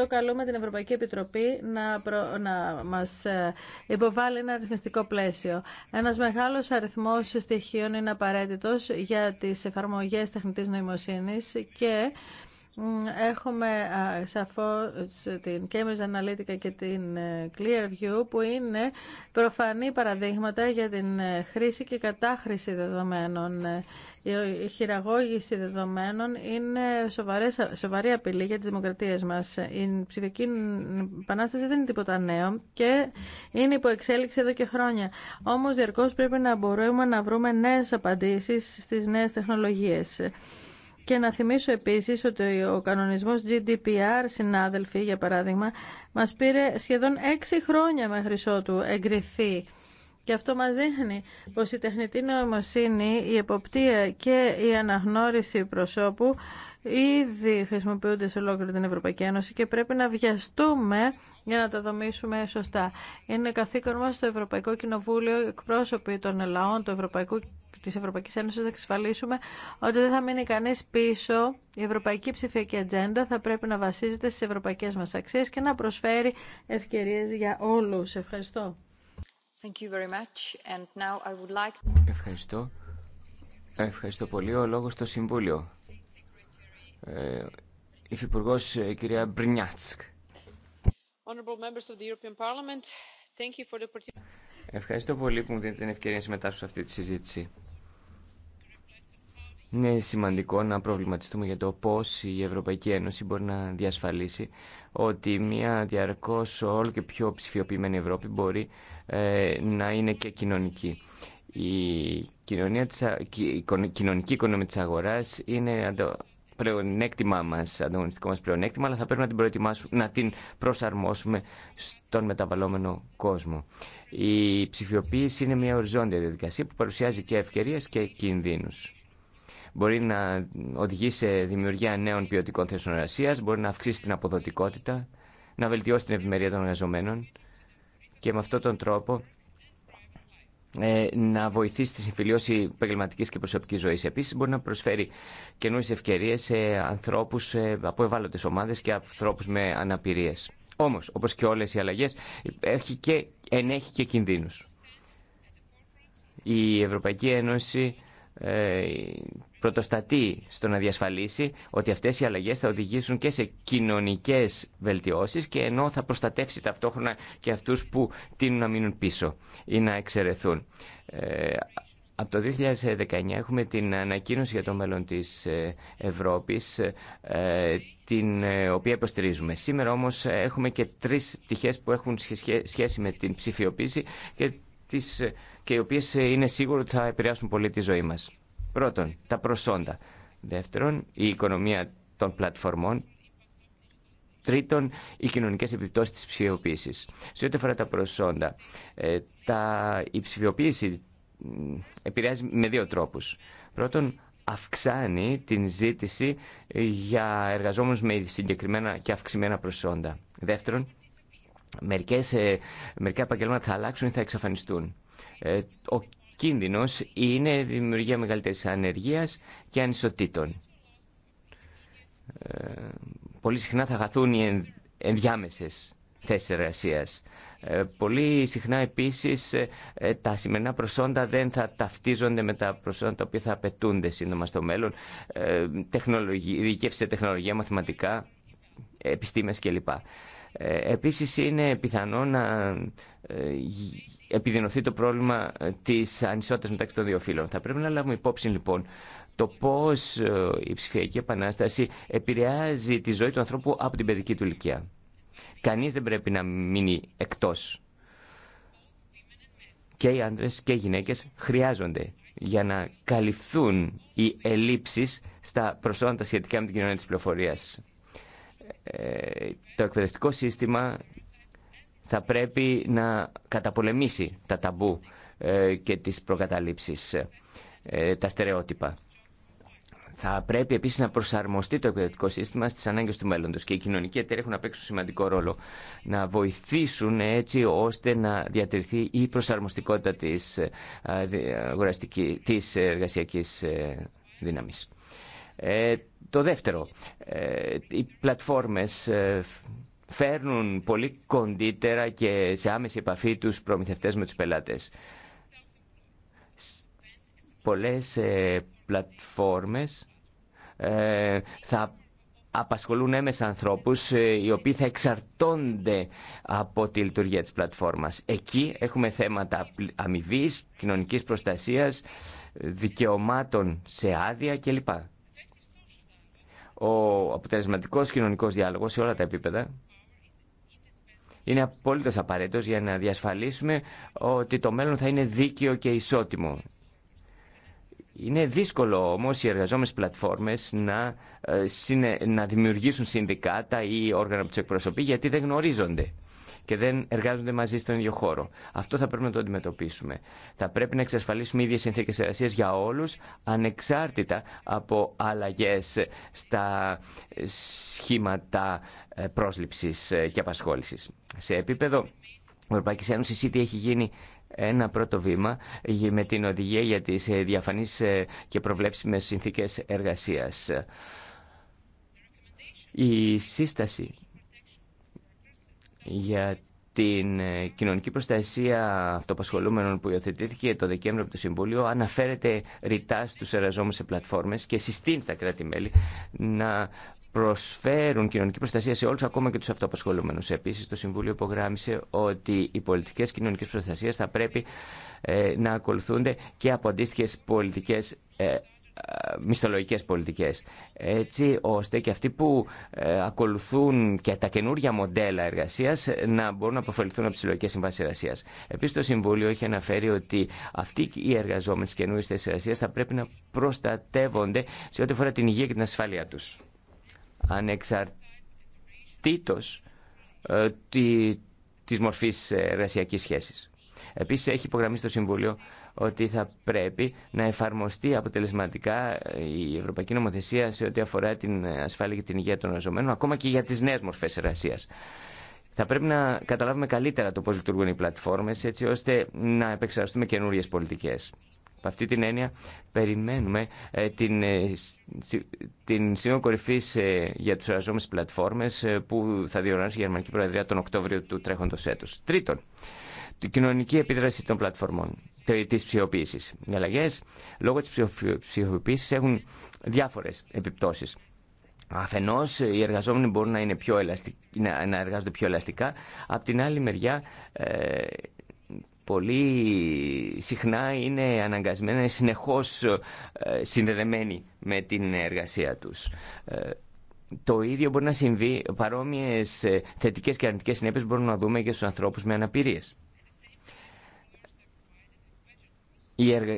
το καλούμε την Ευρωπαϊκή Επιτροπή να, προ... να μας ε, υποβάλει ένα αριθμιστικό πλαίσιο. Ένας μεγάλος αριθμός στοιχείων είναι απαραίτητος για τις εφαρμογές τεχνητής νοημοσύνης και Έχουμε σαφώς την Cambridge Analytica και την ε, Clearview που είναι προφανή παραδείγματα για την ε, χρήση και κατάχρηση δεδομένων. Ε, η χειραγώγηση δεδομένων είναι σοβαρή απειλή για τις δημοκρατίες μας. Η ψηφιακή επανάσταση δεν είναι τίποτα νέο και είναι υπό εξέλιξη εδώ και χρόνια. Όμως διαρκώς πρέπει να μπορούμε να βρούμε νέες απαντήσεις στις νέες τεχνολογίες. Και να θυμίσω επίσης ότι ο κανονισμός GDPR, συνάδελφοι για παράδειγμα, μας πήρε σχεδόν έξι χρόνια μέχρι ότου εγκριθεί. Και αυτό μας δείχνει πως η τεχνητή νοημοσύνη, η εποπτεία και η αναγνώριση προσώπου ήδη χρησιμοποιούνται σε ολόκληρη την Ευρωπαϊκή Ένωση και πρέπει να βιαστούμε για να τα δομήσουμε σωστά. Είναι καθήκον μας στο Ευρωπαϊκό Κοινοβούλιο, εκπρόσωποι των λαών του Ευρωπαϊκού της Ευρωπαϊκής Ένωσης να εξασφαλίσουμε ότι δεν θα μείνει κανείς πίσω. Η Ευρωπαϊκή Ψηφιακή Ατζέντα θα πρέπει να βασίζεται στις ευρωπαϊκές μας αξίες και να προσφέρει ευκαιρίες για όλους. Ευχαριστώ. Thank you very much. And now I would like... Ευχαριστώ. Ευχαριστώ πολύ. Ο λόγος στο Συμβούλιο. Ε, Υφυπουργός ε, κυρία Μπρινιάτσκ. Ευχαριστώ πολύ που μου δίνετε την ευκαιρία να συμμετάσχω σε αυτή τη συζήτηση. Είναι σημαντικό να προβληματιστούμε για το πώς η Ευρωπαϊκή Ένωση μπορεί να διασφαλίσει ότι μια διαρκώς όλο και πιο ψηφιοποιημένη Ευρώπη μπορεί ε, να είναι και κοινωνική. Η, κοινωνία κοινωνική οικονομία της αγοράς είναι πλεονέκτημά μας, ανταγωνιστικό μας πλεονέκτημα, αλλά θα πρέπει να την προετοιμάσουμε, να την προσαρμόσουμε στον μεταβαλλόμενο κόσμο. Η ψηφιοποίηση είναι μια οριζόντια διαδικασία που παρουσιάζει και ευκαιρίες και κινδύνους μπορεί να οδηγήσει σε δημιουργία νέων ποιοτικών θέσεων εργασία, μπορεί να αυξήσει την αποδοτικότητα, να βελτιώσει την ευημερία των εργαζομένων και με αυτόν τον τρόπο ε, να βοηθήσει τη συμφιλίωση επαγγελματική και προσωπική ζωή. Επίση, μπορεί να προσφέρει καινούριε ευκαιρίε σε ανθρώπου ε, από ευάλωτε ομάδε και ανθρώπου με αναπηρίε. Όμω, όπω και όλε οι αλλαγέ, έχει και, ενέχει και κινδύνου. Η Ευρωπαϊκή Ένωση ε, πρωτοστατεί στο να διασφαλίσει ότι αυτές οι αλλαγές θα οδηγήσουν και σε κοινωνικές βελτιώσεις και ενώ θα προστατεύσει ταυτόχρονα και αυτούς που τείνουν να μείνουν πίσω ή να εξαιρεθούν. Ε, από το 2019 έχουμε την ανακοίνωση για το μέλλον της ε, Ευρώπης, την οποία υποστηρίζουμε. Σήμερα όμως έχουμε και τρεις πτυχές που έχουν σχέση με την ψηφιοποίηση και τις και οι οποίε ε, είναι σίγουρο ότι θα επηρεάσουν πολύ τη ζωή μα. Πρώτον, τα προσόντα. Δεύτερον, η οικονομία των πλατφορμών. Τρίτον, οι κοινωνικέ επιπτώσει της ψηφιοποίηση. Σε ό,τι αφορά τα προσόντα, ε, τα, η ψηφιοποίηση επηρεάζει με δύο τρόπου. Πρώτον, αυξάνει την ζήτηση ε, για εργαζόμενους με συγκεκριμένα και αυξημένα προσόντα. Δεύτερον, μερικές, μερικά επαγγελματα θα αλλάξουν ή θα εξαφανιστούν. Ε, ο κίνδυνος είναι η δημιουργία μεγαλύτερης ανεργίας και ανισοτήτων. Ε, πολύ συχνά θα χαθούν οι ενδιάμεσες θέσεις εργασίας. Ε, πολύ συχνά επίσης τα σημερινά προσόντα δεν θα ταυτίζονται με τα προσόντα που οποία θα απαιτούνται σύντομα στο μέλλον. Ειδικεύση σε τεχνολογία, μαθηματικά, επιστήμες κλπ. Επίσης είναι πιθανό να επιδεινωθεί το πρόβλημα ε, της ανισότητας μεταξύ των δύο φύλων. Θα πρέπει να λάβουμε υπόψη λοιπόν το πώς ε, η ψηφιακή επανάσταση επηρεάζει τη ζωή του ανθρώπου από την παιδική του ηλικία. Κανείς δεν πρέπει να μείνει εκτός. Και οι άντρε και οι γυναίκες χρειάζονται για να καλυφθούν οι ελλείψεις στα προσόντα σχετικά με την κοινωνία της πληροφορίας. Ε, το εκπαιδευτικό σύστημα θα πρέπει να καταπολεμήσει τα ταμπού ε, και τις προκαταλήψεις, ε, τα στερεότυπα. Θα πρέπει επίση να προσαρμοστεί το εκπαιδευτικό σύστημα στι ανάγκε του μέλλοντο και οι κοινωνικοί εταιρείε έχουν να παίξουν σημαντικό ρόλο. Να βοηθήσουν έτσι ώστε να διατηρηθεί η προσαρμοστικότητα τη της ε, εργασιακή δύναμη. το δεύτερο, οι πλατφόρμες φέρνουν πολύ κοντύτερα και σε άμεση επαφή τους προμηθευτές με τους πελάτες. Πολλές ε, πλατφόρμες ε, θα απασχολούν έμεσα ανθρώπους ε, οι οποίοι θα εξαρτώνται από τη λειτουργία της πλατφόρμας. Εκεί έχουμε θέματα αμοιβή, κοινωνικής προστασίας, δικαιωμάτων σε άδεια κλπ. Ο αποτελεσματικός κοινωνικός διάλογος σε όλα τα επίπεδα είναι απόλυτος απαραίτητος για να διασφαλίσουμε ότι το μέλλον θα είναι δίκαιο και ισότιμο. Είναι δύσκολο όμως οι εργαζόμενες πλατφόρμες να, ε, να δημιουργήσουν συνδικάτα ή όργανα που τους εκπροσωπεί γιατί δεν γνωρίζονται και δεν εργάζονται μαζί στον ίδιο χώρο. Αυτό θα πρέπει να το αντιμετωπίσουμε. Θα πρέπει να εξασφαλίσουμε ίδιε συνθήκε εργασία για όλου, ανεξάρτητα από αλλαγέ στα σχήματα ε, πρόσληψης ε, και απασχόληση. Σε επίπεδο Ευρωπαϊκή Ένωση, ήδη έχει γίνει ένα πρώτο βήμα με την οδηγία για τις ε, διαφανείς και προβλέψιμες συνθήκες εργασίας. Η σύσταση για την ε, κοινωνική προστασία αυτοπασχολούμενων που υιοθετήθηκε το Δεκέμβριο από το Συμβούλιο αναφέρεται ρητά στους εργαζόμενους σε πλατφόρμες και συστήνει στα κράτη-μέλη να προσφέρουν κοινωνική προστασία σε όλους ακόμα και τους αυτοπασχολούμενους. Επίσης το Συμβούλιο υπογράμμισε ότι οι πολιτικές κοινωνικές προστασίας θα πρέπει ε, να ακολουθούνται και από αντίστοιχε πολιτικές ε, μισθολογικές πολιτικές έτσι ώστε και αυτοί που ε, ακολουθούν και τα καινούργια μοντέλα εργασίας να μπορούν να αποφεληθούν από τις συλλογικές συμβάσεις εργασίας. Επίσης το Συμβούλιο έχει αναφέρει ότι αυτοί οι εργαζόμενοι στις καινούργιες θέσεις εργασίας θα πρέπει να προστατεύονται σε ό,τι αφορά την υγεία και την ασφάλεια τους. Ανεξαρτήτως ε, τη, της μορφής εργασιακής σχέσης. Επίσης έχει υπογραμμίσει το Συμβούλιο ότι θα πρέπει να εφαρμοστεί αποτελεσματικά η Ευρωπαϊκή Νομοθεσία σε ό,τι αφορά την ασφάλεια και την υγεία των εργαζομένων, ακόμα και για τι νέε μορφέ εργασία. Θα πρέπει να καταλάβουμε καλύτερα το πώ λειτουργούν οι πλατφόρμε, έτσι ώστε να επεξεργαστούμε καινούριε πολιτικέ. Από αυτή την έννοια περιμένουμε ε, την, ε, την Σύνοδο Κορυφή ε, για του εργαζόμενου πλατφόρμες που θα διοργανώσει η Γερμανική Προεδρία τον Οκτώβριο του τρέχοντο έτου. Τρίτον, την κοινωνική επίδραση των πλατφορμών τη ψηφιοποίηση. Οι αλλαγέ λόγω τη ψηφοποίηση έχουν διάφορε επιπτώσει. Αφενό, οι εργαζόμενοι μπορούν να, είναι πιο ελαστικ... να, να εργάζονται πιο ελαστικά. Απ' την άλλη μεριά, ε, πολύ συχνά είναι αναγκασμένοι, είναι συνεχώς ε, συνδεδεμένοι με την εργασία τους. Ε, το ίδιο μπορεί να συμβεί, παρόμοιες ε, θετικές και αρνητικές συνέπειες μπορούμε να δούμε και στους ανθρώπους με αναπηρίες.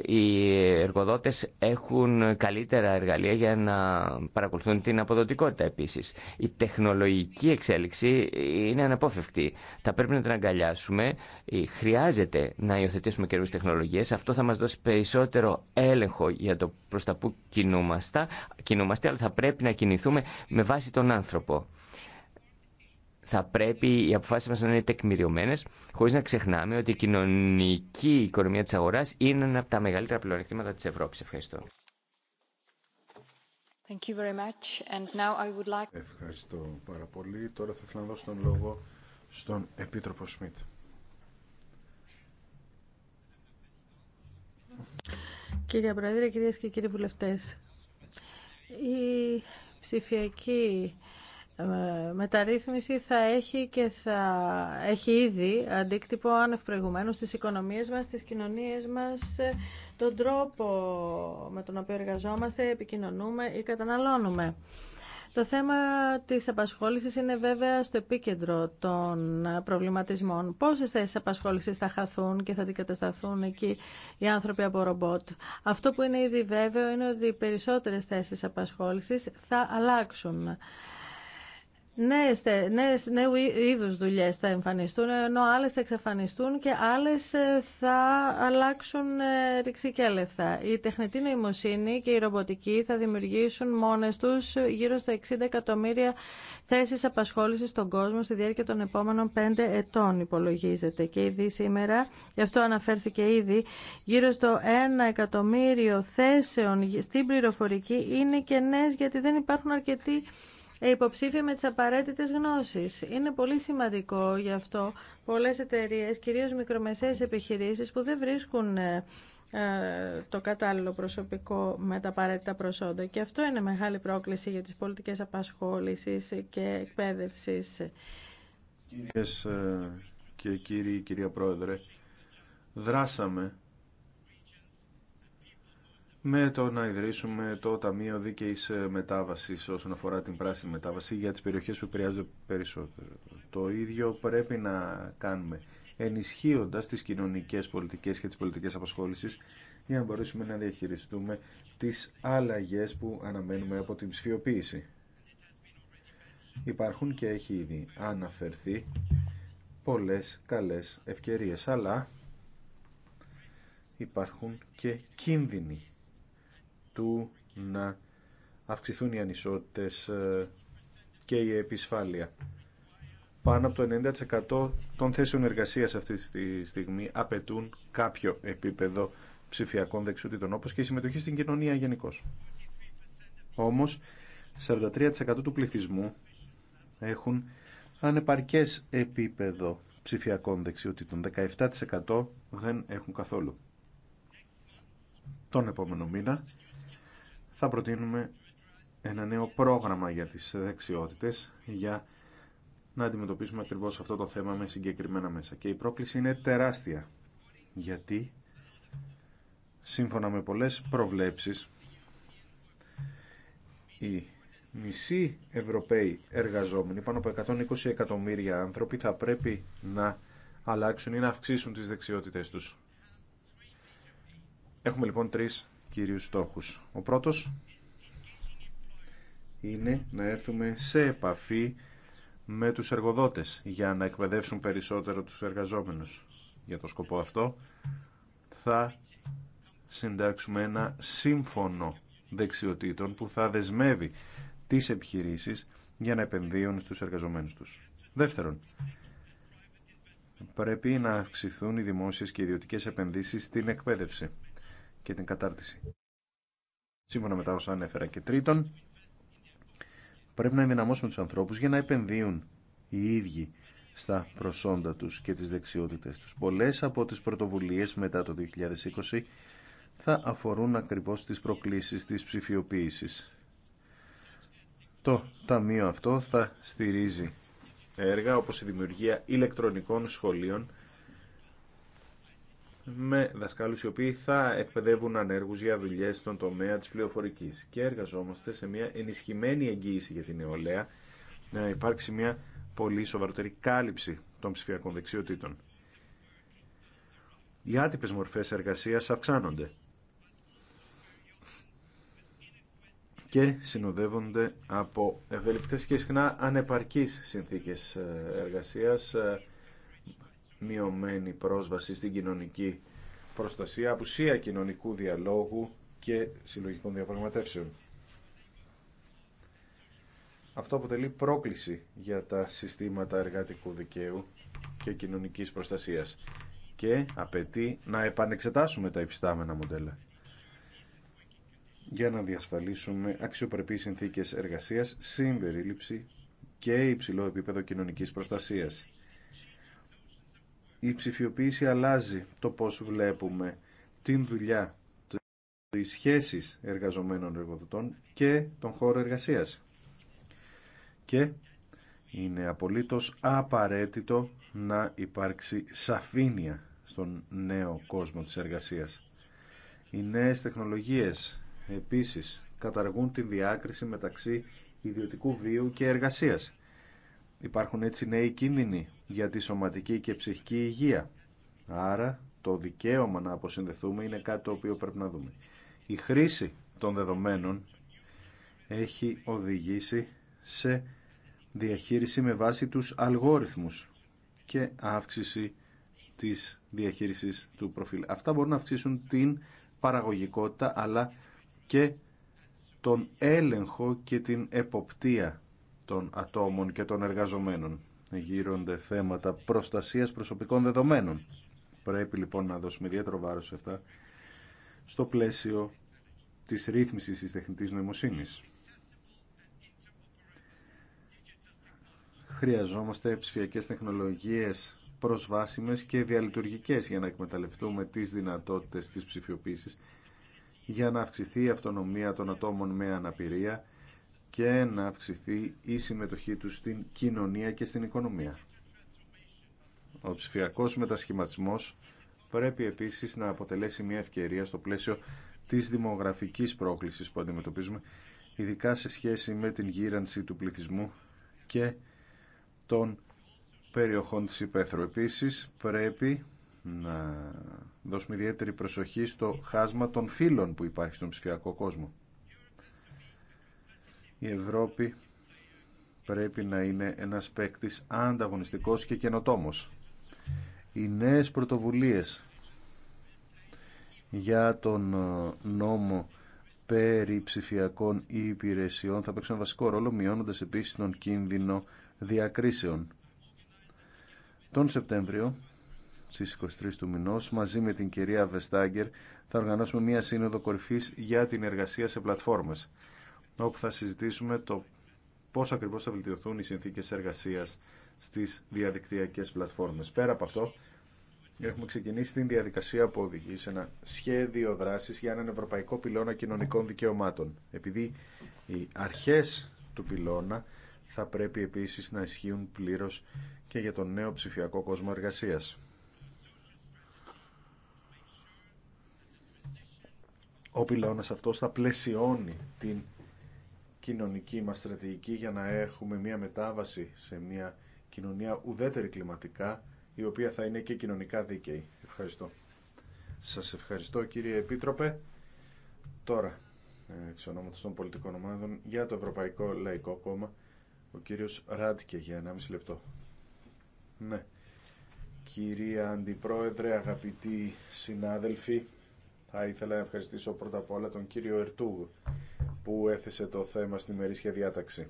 οι εργοδότες έχουν καλύτερα εργαλεία για να παρακολουθούν την αποδοτικότητα επίσης. Η τεχνολογική εξέλιξη είναι αναπόφευκτη. Θα πρέπει να την αγκαλιάσουμε. Ε, χρειάζεται να υιοθετήσουμε καιρούς τεχνολογίες. Αυτό θα μας δώσει περισσότερο έλεγχο για το προς τα που κινούμαστε, κινούμαστε αλλά θα πρέπει να κινηθούμε με βάση τον άνθρωπο θα πρέπει οι αποφάσει μα να είναι τεκμηριωμένε, χωρί να ξεχνάμε ότι η κοινωνική οικονομία τη αγορά είναι ένα από τα μεγαλύτερα πλεονεκτήματα τη Ευρώπη. Ευχαριστώ. Ευχαριστώ πάρα πολύ. Τώρα θα ήθελα να δώσω τον λόγο στον Επίτροπο Σμιτ. Κύριε Πρόεδρε, κυρίες και κύριοι βουλευτές, η ψηφιακή ε, μεταρρύθμιση θα έχει και θα έχει ήδη αντίκτυπο άνευ προηγουμένως στις οικονομίες μας, στις κοινωνίες μας, τον τρόπο με τον οποίο εργαζόμαστε, επικοινωνούμε ή καταναλώνουμε. Το θέμα της απασχόλησης είναι βέβαια στο επίκεντρο των προβληματισμών. Πόσες θέσεις απασχόλησης θα χαθούν και θα αντικατασταθούν εκεί οι άνθρωποι από ρομπότ. Αυτό που είναι ήδη βέβαιο είναι ότι οι περισσότερες θέσεις απασχόλησης θα αλλάξουν νέες, νέου είδους δουλειές θα εμφανιστούν, ενώ άλλες θα εξαφανιστούν και άλλες ε, θα αλλάξουν ε, ρηξικέλευθα. Η τεχνητή νοημοσύνη και η ρομποτική θα δημιουργήσουν μόνες τους γύρω στα 60 εκατομμύρια θέσεις απασχόλησης στον κόσμο στη διάρκεια των επόμενων 5 ετών υπολογίζεται. Και ήδη σήμερα, γι' αυτό αναφέρθηκε ήδη, γύρω στο 1 εκατομμύριο θέσεων στην πληροφορική είναι κενές γιατί δεν υπάρχουν αρκετοί υποψήφια με τις απαραίτητες γνώσεις. Είναι πολύ σημαντικό γι' αυτό πολλές εταιρείες, κυρίως μικρομεσαίες επιχειρήσεις που δεν βρίσκουν ε, ε, το κατάλληλο προσωπικό με τα απαραίτητα προσόντα. Και αυτό είναι μεγάλη πρόκληση για τις πολιτικές απασχόλησης και εκπαίδευσης. Κυρίες ε, και κύριοι, κυρία Πρόεδρε, δράσαμε με το να ιδρύσουμε το Ταμείο Δίκαιη μετάβαση όσον αφορά την πράσινη μετάβαση για τις περιοχές που επηρεάζονται περισσότερο. Το ίδιο πρέπει να κάνουμε ενισχύοντας τις κοινωνικές πολιτικές και τις πολιτικές απασχόλησης για να μπορέσουμε να διαχειριστούμε τις άλλαγέ που αναμένουμε από την ψηφιοποίηση. Υπάρχουν και έχει ήδη αναφερθεί πολλές καλές ευκαιρίες, αλλά υπάρχουν και κίνδυνοι του να αυξηθούν οι ανισότητες ε, και η επισφάλεια. Πάνω από το 90% των θέσεων εργασίας αυτή τη στιγμή απαιτούν κάποιο επίπεδο ψηφιακών δεξιότητων, όπως και η συμμετοχή στην κοινωνία γενικώ. Όμως, 43% του πληθυσμού έχουν ανεπαρκές επίπεδο ψηφιακών δεξιότητων. 17% δεν έχουν καθόλου. Τον επόμενο μήνα θα προτείνουμε ένα νέο πρόγραμμα για τις δεξιότητες για να αντιμετωπίσουμε ακριβώς αυτό το θέμα με συγκεκριμένα μέσα. Και η πρόκληση είναι τεράστια, γιατί σύμφωνα με πολλές προβλέψεις οι μισοί Ευρωπαίοι εργαζόμενοι, πάνω από 120 εκατομμύρια άνθρωποι, θα πρέπει να αλλάξουν ή να αυξήσουν τις δεξιότητες τους. Έχουμε λοιπόν τρεις κύριους στόχους. Ο πρώτος είναι να έρθουμε σε επαφή με τους εργοδότες για να εκπαιδεύσουν περισσότερο τους εργαζόμενους. Για το σκοπό αυτό θα συντάξουμε ένα σύμφωνο δεξιοτήτων που θα δεσμεύει τις επιχειρήσεις για να επενδύουν στους εργαζομένους τους. Δεύτερον, πρέπει να αυξηθούν οι δημόσιες και ιδιωτικές επενδύσεις στην εκπαίδευση και την κατάρτιση. Σύμφωνα με τα όσα ανέφερα. Και τρίτον, πρέπει να ενδυναμώσουμε τους ανθρώπους για να επενδύουν οι ίδιοι στα προσόντα τους και τις δεξιότητες τους. Πολλές από τις πρωτοβουλίες μετά το 2020 θα αφορούν ακριβώς τις προκλήσεις της ψηφιοποίησης. Το ταμείο αυτό θα στηρίζει έργα όπως η δημιουργία ηλεκτρονικών σχολείων με δασκάλου οι οποίοι θα εκπαιδεύουν ανέργου για δουλειέ στον τομέα της πληροφορική. και εργαζόμαστε σε μια ενισχυμένη εγγύηση για την νεολαία να υπάρξει μια πολύ σοβαρότερη κάλυψη των ψηφιακών δεξιοτήτων. Οι άτυπε μορφές εργασίας αυξάνονται και συνοδεύονται από ευελικτές και συχνά ανεπαρκείς συνθήκες ε, εργασίας ε, μειωμένη πρόσβαση στην κοινωνική προστασία, απουσία κοινωνικού διαλόγου και συλλογικών διαπραγματεύσεων. Αυτό αποτελεί πρόκληση για τα συστήματα εργατικού δικαίου και κοινωνικής προστασίας και απαιτεί να επανεξετάσουμε τα υφιστάμενα μοντέλα για να διασφαλίσουμε αξιοπρεπείς συνθήκες εργασίας, συμπερίληψη και υψηλό επίπεδο κοινωνικής προστασίας η ψηφιοποίηση αλλάζει το πώς βλέπουμε την δουλειά, τις σχέσεις εργαζομένων εργοδοτών και τον χώρο εργασίας. Και είναι απολύτως απαραίτητο να υπάρξει σαφήνεια στον νέο κόσμο της εργασίας. Οι νέες τεχνολογίες επίσης καταργούν τη διάκριση μεταξύ ιδιωτικού βίου και εργασίας. Υπάρχουν έτσι νέοι κίνδυνοι για τη σωματική και ψυχική υγεία. Άρα το δικαίωμα να αποσυνδεθούμε είναι κάτι το οποίο πρέπει να δούμε. Η χρήση των δεδομένων έχει οδηγήσει σε διαχείριση με βάση τους αλγόριθμους και αύξηση της διαχείρισης του προφίλ. Αυτά μπορούν να αυξήσουν την παραγωγικότητα αλλά και τον έλεγχο και την εποπτεία των ατόμων και των εργαζομένων γύρονται θέματα προστασίας προσωπικών δεδομένων. Πρέπει λοιπόν να δώσουμε ιδιαίτερο βάρος σε αυτά στο πλαίσιο της ρύθμισης της τεχνητής νοημοσύνης. Χρειαζόμαστε ψηφιακές τεχνολογίες προσβάσιμες και διαλειτουργικές για να εκμεταλλευτούμε τις δυνατότητες της ψηφιοποίησης για να αυξηθεί η αυτονομία των ατόμων με αναπηρία και να αυξηθεί η συμμετοχή τους στην κοινωνία και στην οικονομία. Ο ψηφιακό μετασχηματισμός πρέπει επίσης να αποτελέσει μια ευκαιρία στο πλαίσιο της δημογραφικής πρόκλησης που αντιμετωπίζουμε, ειδικά σε σχέση με την γύρανση του πληθυσμού και των περιοχών της υπαίθρου. Επίσης, πρέπει να δώσουμε ιδιαίτερη προσοχή στο χάσμα των φύλων που υπάρχει στον ψηφιακό κόσμο. Η Ευρώπη πρέπει να είναι ένας παίκτη ανταγωνιστικός και καινοτόμος. Οι νέες πρωτοβουλίες για τον ε, νόμο περί ψηφιακών υπηρεσιών θα παίξουν βασικό ρόλο μειώνοντας επίσης τον κίνδυνο διακρίσεων. Τον Σεπτέμβριο στις 23 του μηνός μαζί με την κυρία Βεστάγκερ θα οργανώσουμε μια σύνοδο κορυφής για την εργασία σε πλατφόρμες όπου θα συζητήσουμε το πώς ακριβώς θα βελτιωθούν οι συνθήκες εργασία στις διαδικτυακέ πλατφόρμες. Πέρα από αυτό, έχουμε ξεκινήσει την διαδικασία που σε ένα σχέδιο δράσης για έναν ευρωπαϊκό πυλώνα κοινωνικών δικαιωμάτων. Επειδή οι αρχές του πυλώνα θα πρέπει επίσης να ισχύουν πλήρως και για τον νέο ψηφιακό κόσμο εργασίας. Ο πυλώνας αυτός θα πλαισιώνει την κοινωνική μας στρατηγική για να έχουμε μια μετάβαση σε μια κοινωνία ουδέτερη κλιματικά, η οποία θα είναι και κοινωνικά δίκαιη. Ευχαριστώ. Σας ευχαριστώ κύριε Επίτροπε. Τώρα, εξ ονόματος των πολιτικών ομάδων, για το Ευρωπαϊκό Λαϊκό Κόμμα, ο κύριος Ράντικε για 1,5 λεπτό. Ναι. Κυρία Αντιπρόεδρε, αγαπητοί συνάδελφοι, θα ήθελα να ευχαριστήσω πρώτα απ' όλα τον κύριο που έθεσε το θέμα στην ημερήσια διάταξη.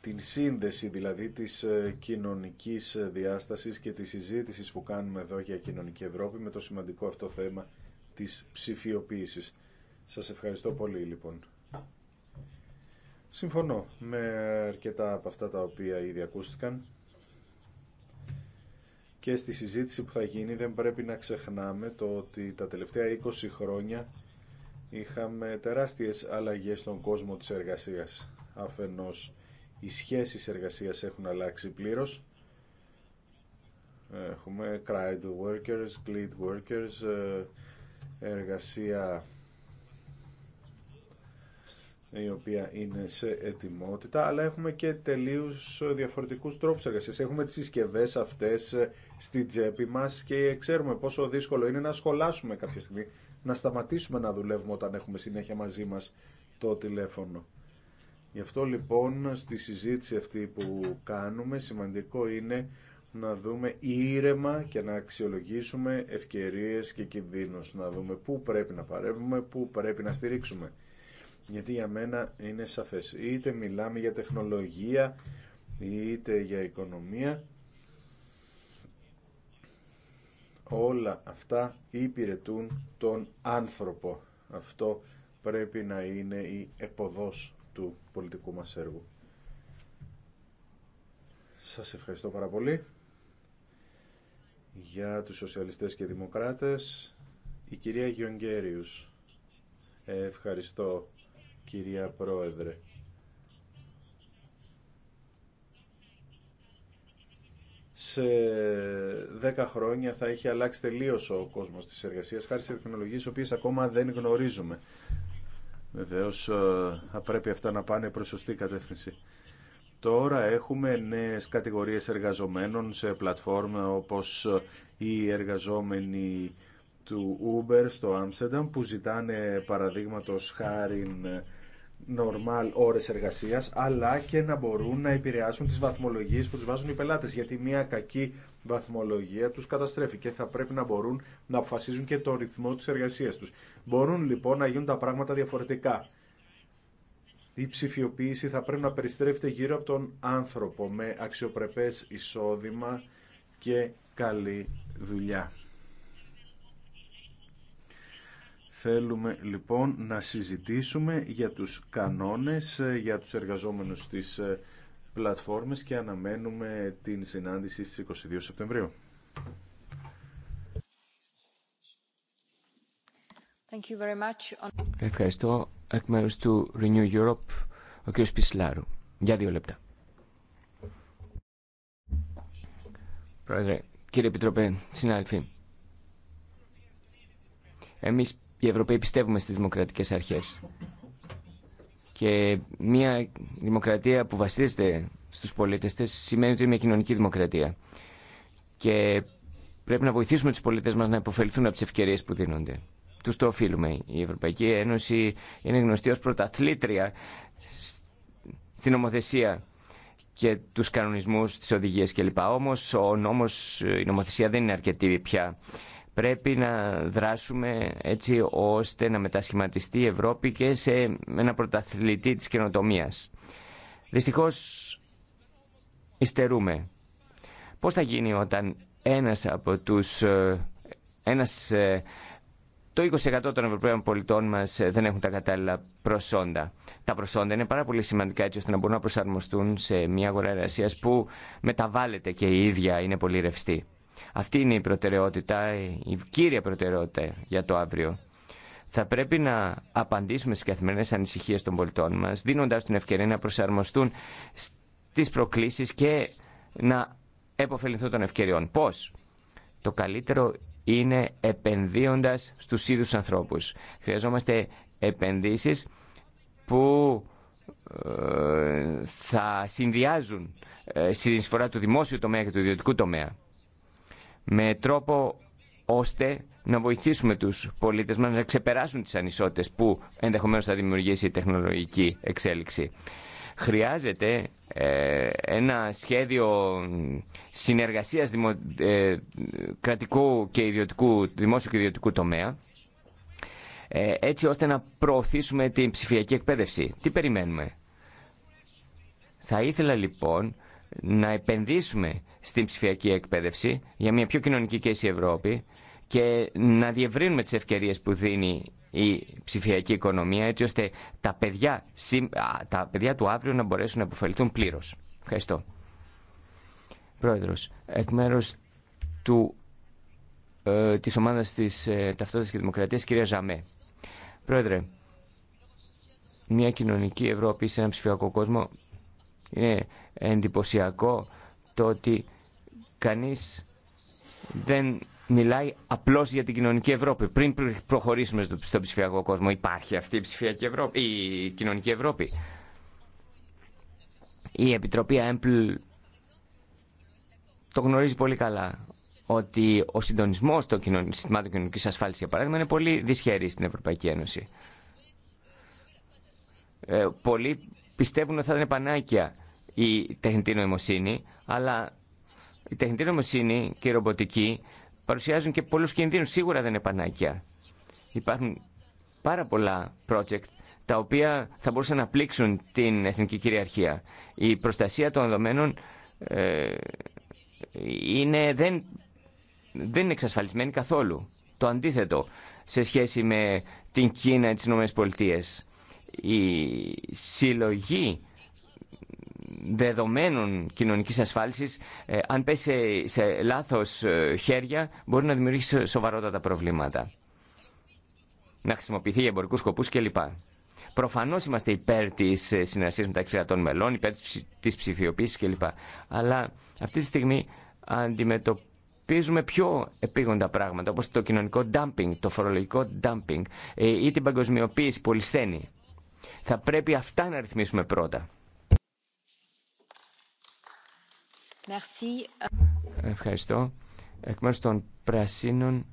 Την σύνδεση δηλαδή της ε, κοινωνικής διάστασης και της συζήτηση που κάνουμε εδώ για κοινωνική Ευρώπη με το σημαντικό αυτό θέμα της ψηφιοποίησης. Σας ευχαριστώ πολύ λοιπόν. Συμφωνώ με αρκετά από αυτά τα οποία ήδη ακούστηκαν και στη συζήτηση που θα γίνει δεν πρέπει να ξεχνάμε το ότι τα τελευταία 20 χρόνια είχαμε τεράστιες αλλαγές στον κόσμο της εργασίας. Αφενός, οι σχέσεις εργασίας έχουν αλλάξει πλήρως. Έχουμε cried workers, glid workers, ε, εργασία η οποία είναι σε ετοιμότητα, αλλά έχουμε και τελείως διαφορετικούς τρόπους εργασίας. Έχουμε τις συσκευέ αυτές ε, στη τσέπη μας και ξέρουμε πόσο δύσκολο είναι να σχολάσουμε κάποια στιγμή να σταματήσουμε να δουλεύουμε όταν έχουμε συνέχεια μαζί μας το τηλέφωνο. Γι' αυτό λοιπόν στη συζήτηση αυτή που κάνουμε σημαντικό είναι να δούμε ήρεμα και να αξιολογήσουμε ευκαιρίες και κινδύνους, να δούμε πού πρέπει να παρεύουμε, πού πρέπει να στηρίξουμε. Γιατί για μένα είναι σαφές, είτε μιλάμε για τεχνολογία, είτε για οικονομία, όλα αυτά υπηρετούν τον άνθρωπο. Αυτό πρέπει να είναι η εποδός του πολιτικού μας έργου. Σας ευχαριστώ πάρα πολύ. Για τους σοσιαλιστές και δημοκράτες, η κυρία Γιονγκέριους. Ευχαριστώ κυρία Πρόεδρε. σε 10 χρόνια θα έχει αλλάξει τελείω ο κόσμος της εργασίας χάρη σε τεχνολογίες οποίες ακόμα δεν γνωρίζουμε. Βεβαίω ε, θα πρέπει αυτά να πάνε προ σωστή κατεύθυνση. Τώρα έχουμε νέες κατηγορίες εργαζομένων σε πλατφόρμα όπως οι εργαζόμενοι του Uber στο Άμστερνταμ που ζητάνε παραδείγματος χάρη νορμάλ ώρες εργασίας, αλλά και να μπορούν να επηρεάσουν τις βαθμολογίες που τους βάζουν οι πελάτες, γιατί μια κακή βαθμολογία τους καταστρέφει και θα πρέπει να μπορούν να αποφασίζουν και το ρυθμό της εργασίας τους. Μπορούν λοιπόν να γίνουν τα πράγματα διαφορετικά. Η ψηφιοποίηση θα πρέπει να περιστρέφεται γύρω από τον άνθρωπο με αξιοπρεπές εισόδημα και καλή δουλειά. Θέλουμε λοιπόν να συζητήσουμε για τους κανόνες, ε, για τους εργαζόμενους στις ε, πλατφόρμες και αναμένουμε την συνάντηση στις 22 Σεπτεμβρίου. Thank you very much. Ευχαριστώ. Εκ μέρους του Renew Europe, ο κ. Πισλάρου. Για δύο λεπτά. Πρόεδρε, κύριε Επιτροπέ, συνάδελφοι. Εμείς οι Ευρωπαίοι πιστεύουμε στις δημοκρατικές αρχές. Και μια δημοκρατία που βασίζεται στους πολίτες της σημαίνει ότι είναι μια κοινωνική δημοκρατία. Και πρέπει να βοηθήσουμε τους πολίτες μας να υποφεληθούν από τις ευκαιρίες που δίνονται. Τους το οφείλουμε. Η Ευρωπαϊκή Ένωση είναι γνωστή ως πρωταθλήτρια στην νομοθεσία και τους κανονισμούς, τις οδηγίες κλπ. Όμως ο νόμος, η νομοθεσία δεν είναι αρκετή πια πρέπει να δράσουμε έτσι ώστε να μετασχηματιστεί η Ευρώπη και σε ένα πρωταθλητή της καινοτομία. Δυστυχώς υστερούμε. Πώς θα γίνει όταν ένας από τους... Ε, ένας, ε, το 20% των Ευρωπαίων πολιτών μας ε, δεν έχουν τα κατάλληλα προσόντα. Τα προσόντα είναι πάρα πολύ σημαντικά έτσι ώστε να μπορούν να προσαρμοστούν σε μια αγορά εργασία που μεταβάλλεται και η ίδια είναι πολύ ρευστή. Αυτή είναι η προτεραιότητα, η κύρια προτεραιότητα για το αύριο. Θα πρέπει να απαντήσουμε στι καθημερινές ανησυχίες των πολιτών μας, δίνοντας την ευκαιρία να προσαρμοστούν στις προκλήσεις και να επωφεληθούν των ευκαιριών. Πώς? Το καλύτερο είναι επενδύοντας στους ίδιους ανθρώπους. Χρειαζόμαστε επενδύσεις που ε, θα συνδυάζουν ε, συνεισφορά του δημόσιου τομέα και του ιδιωτικού τομέα με τρόπο ώστε να βοηθήσουμε τους πολίτες μας να ξεπεράσουν τις ανισότητες που ενδεχομένως θα δημιουργήσει η τεχνολογική εξέλιξη. Χρειάζεται ε, ένα σχέδιο συνεργασίας δημο, ε, κρατικού και ιδιωτικού, δημόσιου και ιδιωτικού τομέα ε, έτσι ώστε να προωθήσουμε την ψηφιακή εκπαίδευση. Τι περιμένουμε. Θα ήθελα λοιπόν να επενδύσουμε στην ψηφιακή εκπαίδευση, για μια πιο κοινωνική και η Ευρώπη και να διευρύνουμε τις ευκαιρίες που δίνει η ψηφιακή οικονομία έτσι ώστε τα παιδιά, τα παιδιά του αύριο να μπορέσουν να επωφεληθούν πλήρως. Ευχαριστώ. Πρόεδρος, εκ μέρους του, ε, της ομάδας της ε, Ταυτότητας και Δημοκρατίας, κυρία Ζαμέ. Πρόεδρε, μια κοινωνική Ευρώπη σε ένα ψηφιακό κόσμο είναι εντυπωσιακό το ότι Κανείς δεν μιλάει απλώς για την κοινωνική Ευρώπη. Πριν προχωρήσουμε στον ψηφιακό κόσμο, υπάρχει αυτή η, ψηφιακή Ευρώπη, η κοινωνική Ευρώπη. Η Επιτροπή ΕΜΠΛ το γνωρίζει πολύ καλά ότι ο συντονισμός των συστημάτων κοινωνικής ασφάλισης, για παράδειγμα, είναι πολύ δυσχερή στην Ευρωπαϊκή Ένωση. Ε, πολλοί πιστεύουν ότι θα ήταν πανάκια η τεχνητή νοημοσύνη, αλλά η τεχνητή νομοσύνη και η ρομποτική παρουσιάζουν και πολλούς κινδύνους. Σίγουρα δεν είναι πανάκια. Υπάρχουν πάρα πολλά project τα οποία θα μπορούσαν να πλήξουν την εθνική κυριαρχία. Η προστασία των δεδομένων ε, είναι, δεν, δεν είναι εξασφαλισμένη καθόλου. Το αντίθετο σε σχέση με την Κίνα και τις ΗΠΑ. Η συλλογή δεδομένων κοινωνικής ασφάλισης, ε, αν πέσει σε, σε λάθος ε, χέρια, μπορεί να δημιουργήσει σοβαρότατα προβλήματα. Να χρησιμοποιηθεί για εμπορικούς σκοπούς κλπ. Προφανώ είμαστε υπέρ τη ε, συνεργασία μεταξύ των μελών, υπέρ τη ψηφιοποίηση κλπ. Αλλά αυτή τη στιγμή αντιμετωπίζουμε πιο επίγοντα πράγματα, όπως το κοινωνικό dumping, το φορολογικό dumping ή την παγκοσμιοποίηση που Θα πρέπει αυτά να ρυθμίσουμε πρώτα. Ευχαριστώ. Εκ μέρους των Πρασίνων,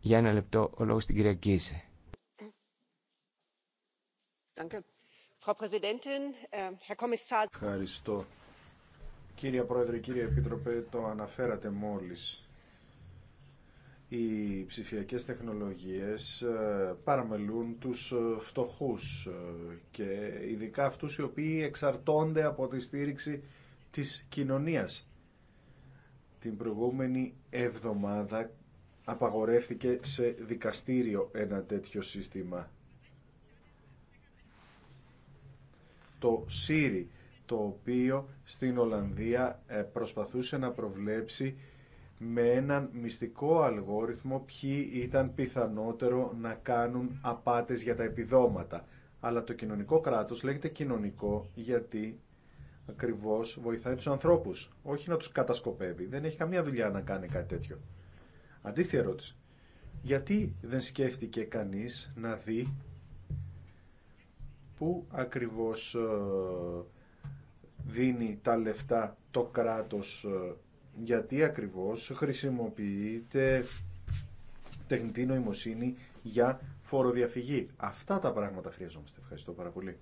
για ένα λεπτό, ο λόγος στην κυρία Γκίσε. Ähm, Ευχαριστώ. Κύριε Πρόεδρε, κύριε Επίτροπε, το αναφέρατε μόλις. Οι ψηφιακές τεχνολογίες ε, παραμελούν τους ε, φτωχούς ε, και ειδικά αυτούς οι οποίοι εξαρτώνται από τη στήριξη της κοινωνίας. Την προηγούμενη εβδομάδα απαγορεύτηκε σε δικαστήριο ένα τέτοιο σύστημα. Το ΣΥΡΙ, το οποίο στην Ολλανδία ε, προσπαθούσε να προβλέψει με έναν μυστικό αλγόριθμο ποιοι ήταν πιθανότερο να κάνουν απάτες για τα επιδόματα. Αλλά το κοινωνικό κράτος λέγεται κοινωνικό γιατί ακριβώς βοηθάει τους ανθρώπους, όχι να τους κατασκοπεύει. Δεν έχει καμία δουλειά να κάνει κάτι τέτοιο. Αντίθετη ερώτηση. Γιατί δεν σκέφτηκε κανείς να δει πού ακριβώς ε, δίνει τα λεφτά το κράτος, ε, γιατί ακριβώς χρησιμοποιείται τεχνητή νοημοσύνη για φοροδιαφυγή. Αυτά τα πράγματα χρειαζόμαστε. Ευχαριστώ πάρα πολύ.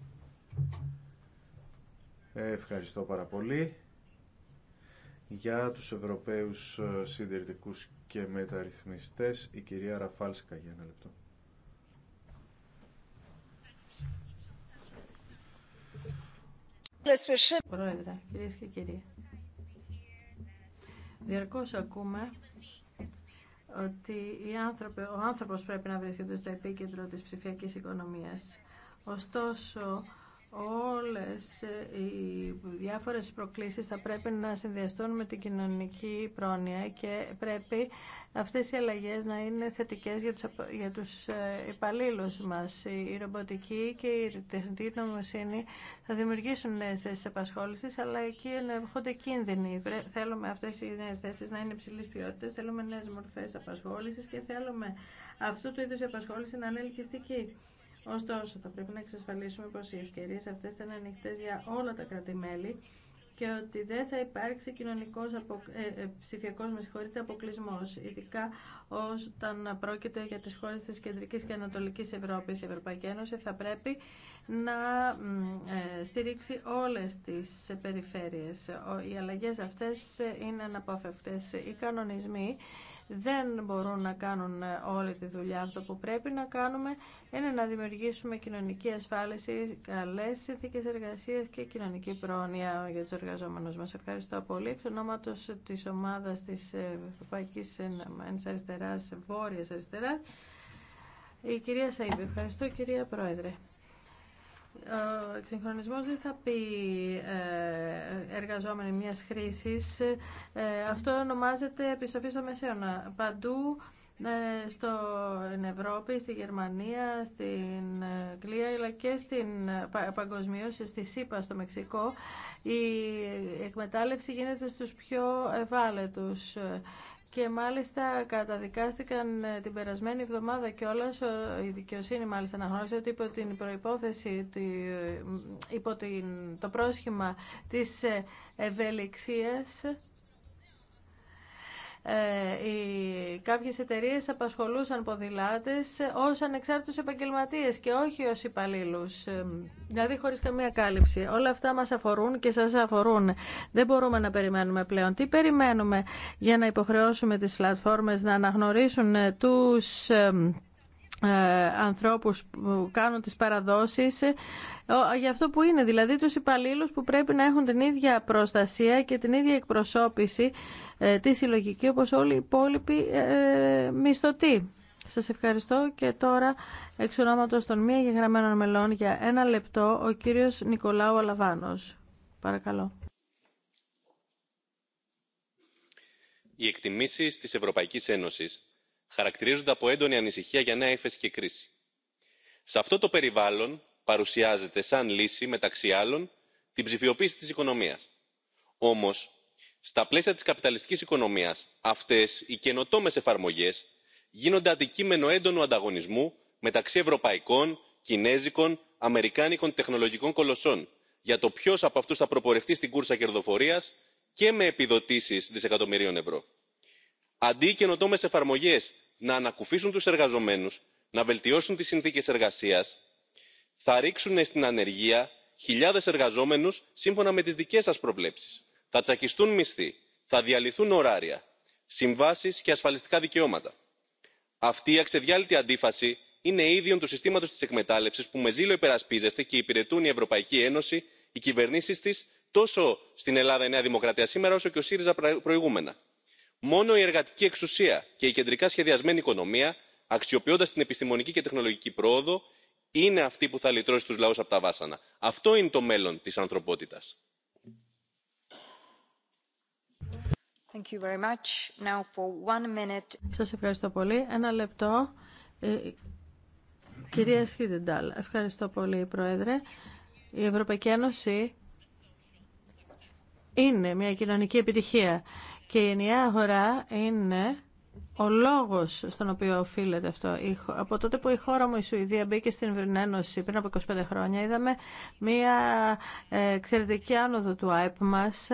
Ευχαριστώ πάρα πολύ για τους Ευρωπαίους ε, συντηρητικούς και μεταρρυθμιστές η κυρία Ραφάλσκα για ένα λεπτό. Πρόεδρε, κυρίες και κύριοι, διαρκώς ακούμε ότι ο άνθρωπος πρέπει να βρίσκεται στο επίκεντρο της ψηφιακής οικονομίας. Ωστόσο, όλες οι διάφορες προκλήσεις θα πρέπει να συνδυαστούν με την κοινωνική πρόνοια και πρέπει αυτές οι αλλαγές να είναι θετικές για τους, για τους ε, υπαλλήλους μας. Η ρομποτική και η τεχνητή νομοσύνη θα δημιουργήσουν νέες θέσεις απασχόλησης, αλλά εκεί ενεργούνται κίνδυνοι. Θέλουμε αυτές οι νέες θέσεις να είναι υψηλής ποιότητας, θέλουμε νέες μορφές απασχόλησης και θέλουμε αυτού του είδους απασχόληση να είναι ελκυστική. Ωστόσο, θα πρέπει να εξασφαλίσουμε πως οι ευκαιρίες αυτές θα είναι ανοιχτές για όλα τα κρατημέλη και ότι δεν θα υπάρξει κοινωνικός απο... Ε, ε, ψηφιακός με αποκλεισμός, ειδικά όταν πρόκειται για τις χώρες της Κεντρικής και Ανατολικής Ευρώπης. Η Ευρωπαϊκή Ένωση θα πρέπει να ε, στηρίξει όλες τις περιφέρειες. Οι αλλαγές αυτές είναι αναπόφευκτες. Οι κανονισμοί δεν μπορούν να κάνουν ε, όλη τη δουλειά. Αυτό που πρέπει να κάνουμε είναι να δημιουργήσουμε κοινωνική ασφάλιση, καλές συνθήκες εργασίας και κοινωνική πρόνοια για τους εργαζόμενους μας. Ευχαριστώ πολύ. Εξ ονόματος της ομάδας της Ευρωπαϊκής Ενωμένης Αριστεράς, Βόρειας Αριστεράς, η κυρία Σαΐμπη. Ευχαριστώ κυρία Πρόεδρε ο εξυγχρονισμός δεν θα πει ε, εργαζόμενοι μιας χρήσης. Ε, αυτό ονομάζεται επιστοφή στο μεσαίωνα. Παντού ε, στην Ευρώπη, στη Γερμανία, στην Αγγλία αλλά και στην παγκοσμίω, στη ΣΥΠΑ, στο Μεξικό η εκμετάλλευση γίνεται στους πιο ευάλωτους και μάλιστα καταδικάστηκαν ε, την περασμένη εβδομάδα κιόλα. Η δικαιοσύνη μάλιστα αναγνώρισε ότι υπό την προϋπόθεση, ε, υπό το πρόσχημα της ε, ευελιξίας ε, οι, κάποιες εταιρείες απασχολούσαν ποδηλάτες ως ανεξάρτητους επαγγελματίες και όχι ως υπαλλήλου. Ε, δηλαδή χωρίς καμία κάλυψη. Όλα αυτά μας αφορούν και σας αφορούν. Δεν μπορούμε να περιμένουμε πλέον. Τι περιμένουμε για να υποχρεώσουμε τις πλατφόρμες να αναγνωρίσουν ε, τους ε, ανθρώπους που κάνουν τις παραδόσεις ε, για αυτό που είναι, δηλαδή τους υπαλλήλου που πρέπει να έχουν την ίδια προστασία και την ίδια εκπροσώπηση ε, τη συλλογική όπως όλοι οι υπόλοιποι μισθωτοί. Σας ευχαριστώ και τώρα εξ ονόματος των μη εγγεγραμμένων μελών για ένα λεπτό ο κύριος Νικολάου Αλαβάνος. Παρακαλώ. Οι εκτιμήσεις της Ευρωπαϊκής Ένωσης χαρακτηρίζονται από έντονη ανησυχία για νέα ύφεση και κρίση. σε αυτό το περιβάλλον παρουσιάζεται σαν λύση μεταξύ άλλων την ψηφιοποίηση της οικονομίας. όμως στα πλαίσια της καπιταλιστικής οικονομίας αυτές οι καινοτόμες εφαρμογές γίνονται αντικείμενο έντονου ανταγωνισμού μεταξύ ευρωπαϊκών κινέζικων αμερικάνικων τεχνολογικών κολοσσών για το ποιο από αυτού θα προπορευτεί στην κούρσα κερδοφορία και με επιδοτήσει δισεκατομμυρίων ευρώ. αντί οι καινοτόμε εφαρμογέ να ανακουφίσουν τους εργαζομένους να βελτιώσουν τις συνθήκες εργασίας θα ρίξουν στην ανεργία χιλιάδες εργαζόμενους σύμφωνα με τις δικές σας προβλέψεις θα τσακιστούν μισθοί θα διαλυθούν ωράρια συμβάσεις και ασφαλιστικά δικαιώματα. αυτή η αξεδιάλυτη αντίφαση είναι ίδιον του συστήματος της εκμετάλλευσης που με ζήλο υπερασπίζεστε και υπηρετούν η ευρωπαϊκή ένωση οι κυβερνήσεις της τόσο στην ελλάδα η νέα δημοκρατία σήμερα όσο και ο σύριζα προηγούμενα μόνο η εργατική εξουσία και η κεντρικά σχεδιασμένη οικονομία αξιοποιώντα την επιστημονική και τεχνολογική πρόοδο είναι αυτή που θα λυτρώσει του λαού από τα βάσανα. αυτό είναι το μέλλον τη ανθρωπότητα. Σας ευχαριστώ πολύ. Ένα λεπτό. Ε, κυρία Σχίδεντάλ, ευχαριστώ πολύ, Πρόεδρε. Η Ευρωπαϊκή Ένωση είναι μια κοινωνική επιτυχία και η ενιαία αγορά είναι ο λόγος στον οποίο οφείλεται αυτό. Από τότε που η χώρα μου, η Σουηδία, μπήκε στην Ένωση πριν από 25 χρόνια, είδαμε μία ε, εξαιρετική άνοδο του ΑΕΠ μας,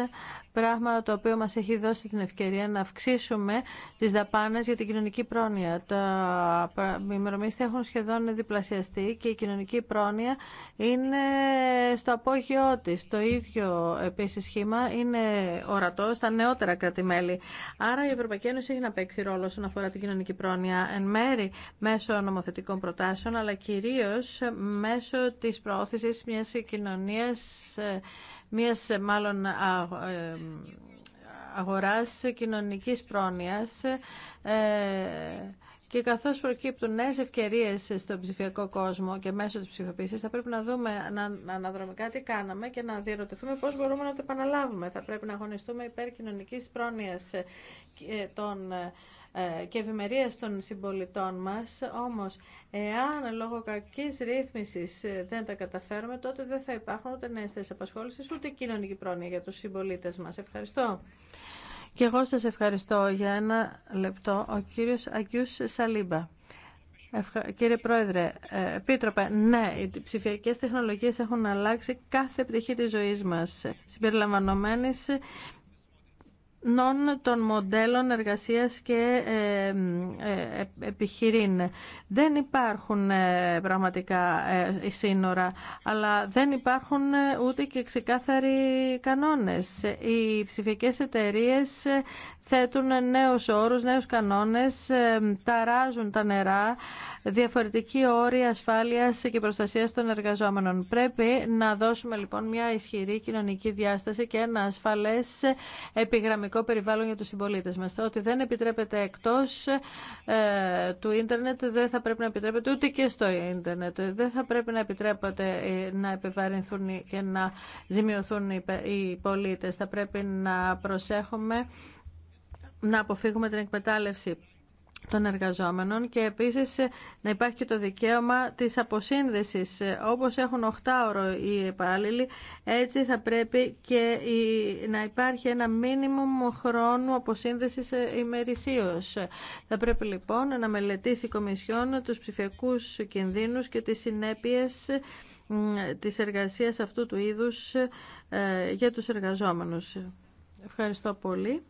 πράγμα το οποίο μας έχει δώσει την ευκαιρία να αυξήσουμε τις δαπάνες για την κοινωνική πρόνοια. Τα ημερομίσθια έχουν σχεδόν διπλασιαστεί και η κοινωνική πρόνοια είναι στο απόγειό τη. Το ίδιο επίσης σχήμα είναι ορατό στα νεότερα κράτη-μέλη. Άρα η Ευρωπαϊκή Ένωση έχει να παίξει ρόλο όσον αφορά την κοινωνική πρόνοια εν μέρη μέσω νομοθετικών προτάσεων αλλά κυρίως μέσω της προώθησης μιας κοινωνίας, μιας μάλλον ε, αγοράς κοινωνικής πρόνοιας ε, και καθώ προκύπτουν νέε ευκαιρίε στον ψηφιακό κόσμο και μέσω τη ψηφοποίησης θα πρέπει να δούμε να, να αναδρομικά τι κάναμε και να διαρωτηθούμε πώ μπορούμε να το επαναλάβουμε. Θα πρέπει να αγωνιστούμε υπέρ κοινωνική πρόνοια ε, των ε, και ευημερία των συμπολιτών μας, όμως εάν λόγω κακής ρύθμισης ε, δεν τα καταφέρουμε, τότε δεν θα υπάρχουν ούτε νέες θέσεις απασχόλησης, ούτε κοινωνική πρόνοια για τους συμπολίτες μας. Ευχαριστώ. Και εγώ σας ευχαριστώ για ένα λεπτό. Ο κύριος Αγγιούς Σαλίμπα. Κύριε Πρόεδρε, ε, Επίτροπε, ναι, οι ψηφιακέ τεχνολογίε έχουν αλλάξει κάθε πτυχή τη ζωή μα, συμπεριλαμβανομένης των μοντέλων εργασίας και ε, ε, ε, επιχειρήν. Δεν υπάρχουν πραγματικά σύνορα, αλλά δεν υπάρχουν ούτε και ξεκάθαροι κανόνες. Οι ψηφιακές εταιρείες θέτουν νέους όρους, νέους κανόνες, ταράζουν τα νερά, διαφορετική όρια ασφάλειας και προστασίας των εργαζόμενων. Πρέπει να δώσουμε λοιπόν μια ισχυρή κοινωνική διάσταση και ένα ασφαλές επιγραμμικό το περιβάλλον για τους συμπολίτε μας. ότι δεν επιτρέπεται εκτός ε, του ίντερνετ δεν θα πρέπει να επιτρέπεται ούτε και στο ίντερνετ. Δεν θα πρέπει να επιτρέπεται ε, να επιβαρυνθούν και να ζημιωθούν οι πολίτες. Θα πρέπει να προσέχουμε να αποφύγουμε την εκμετάλλευση των εργαζόμενων και επίσης ε, να υπάρχει και το δικαίωμα της αποσύνδεσης. Ε, όπως έχουν οι υπάλληλοι, έτσι θα πρέπει και να υπάρχει ένα μίνιμουμ χρόνου αποσύνδεσης ε, ημερησίως. Θα πρέπει λοιπόν να μελετήσει η Κομισιόν τους ψηφιακούς κινδύνους και τις συνέπειες της εργασίας αυτού του είδους για τους εργαζόμενους. Ευχαριστώ πολύ.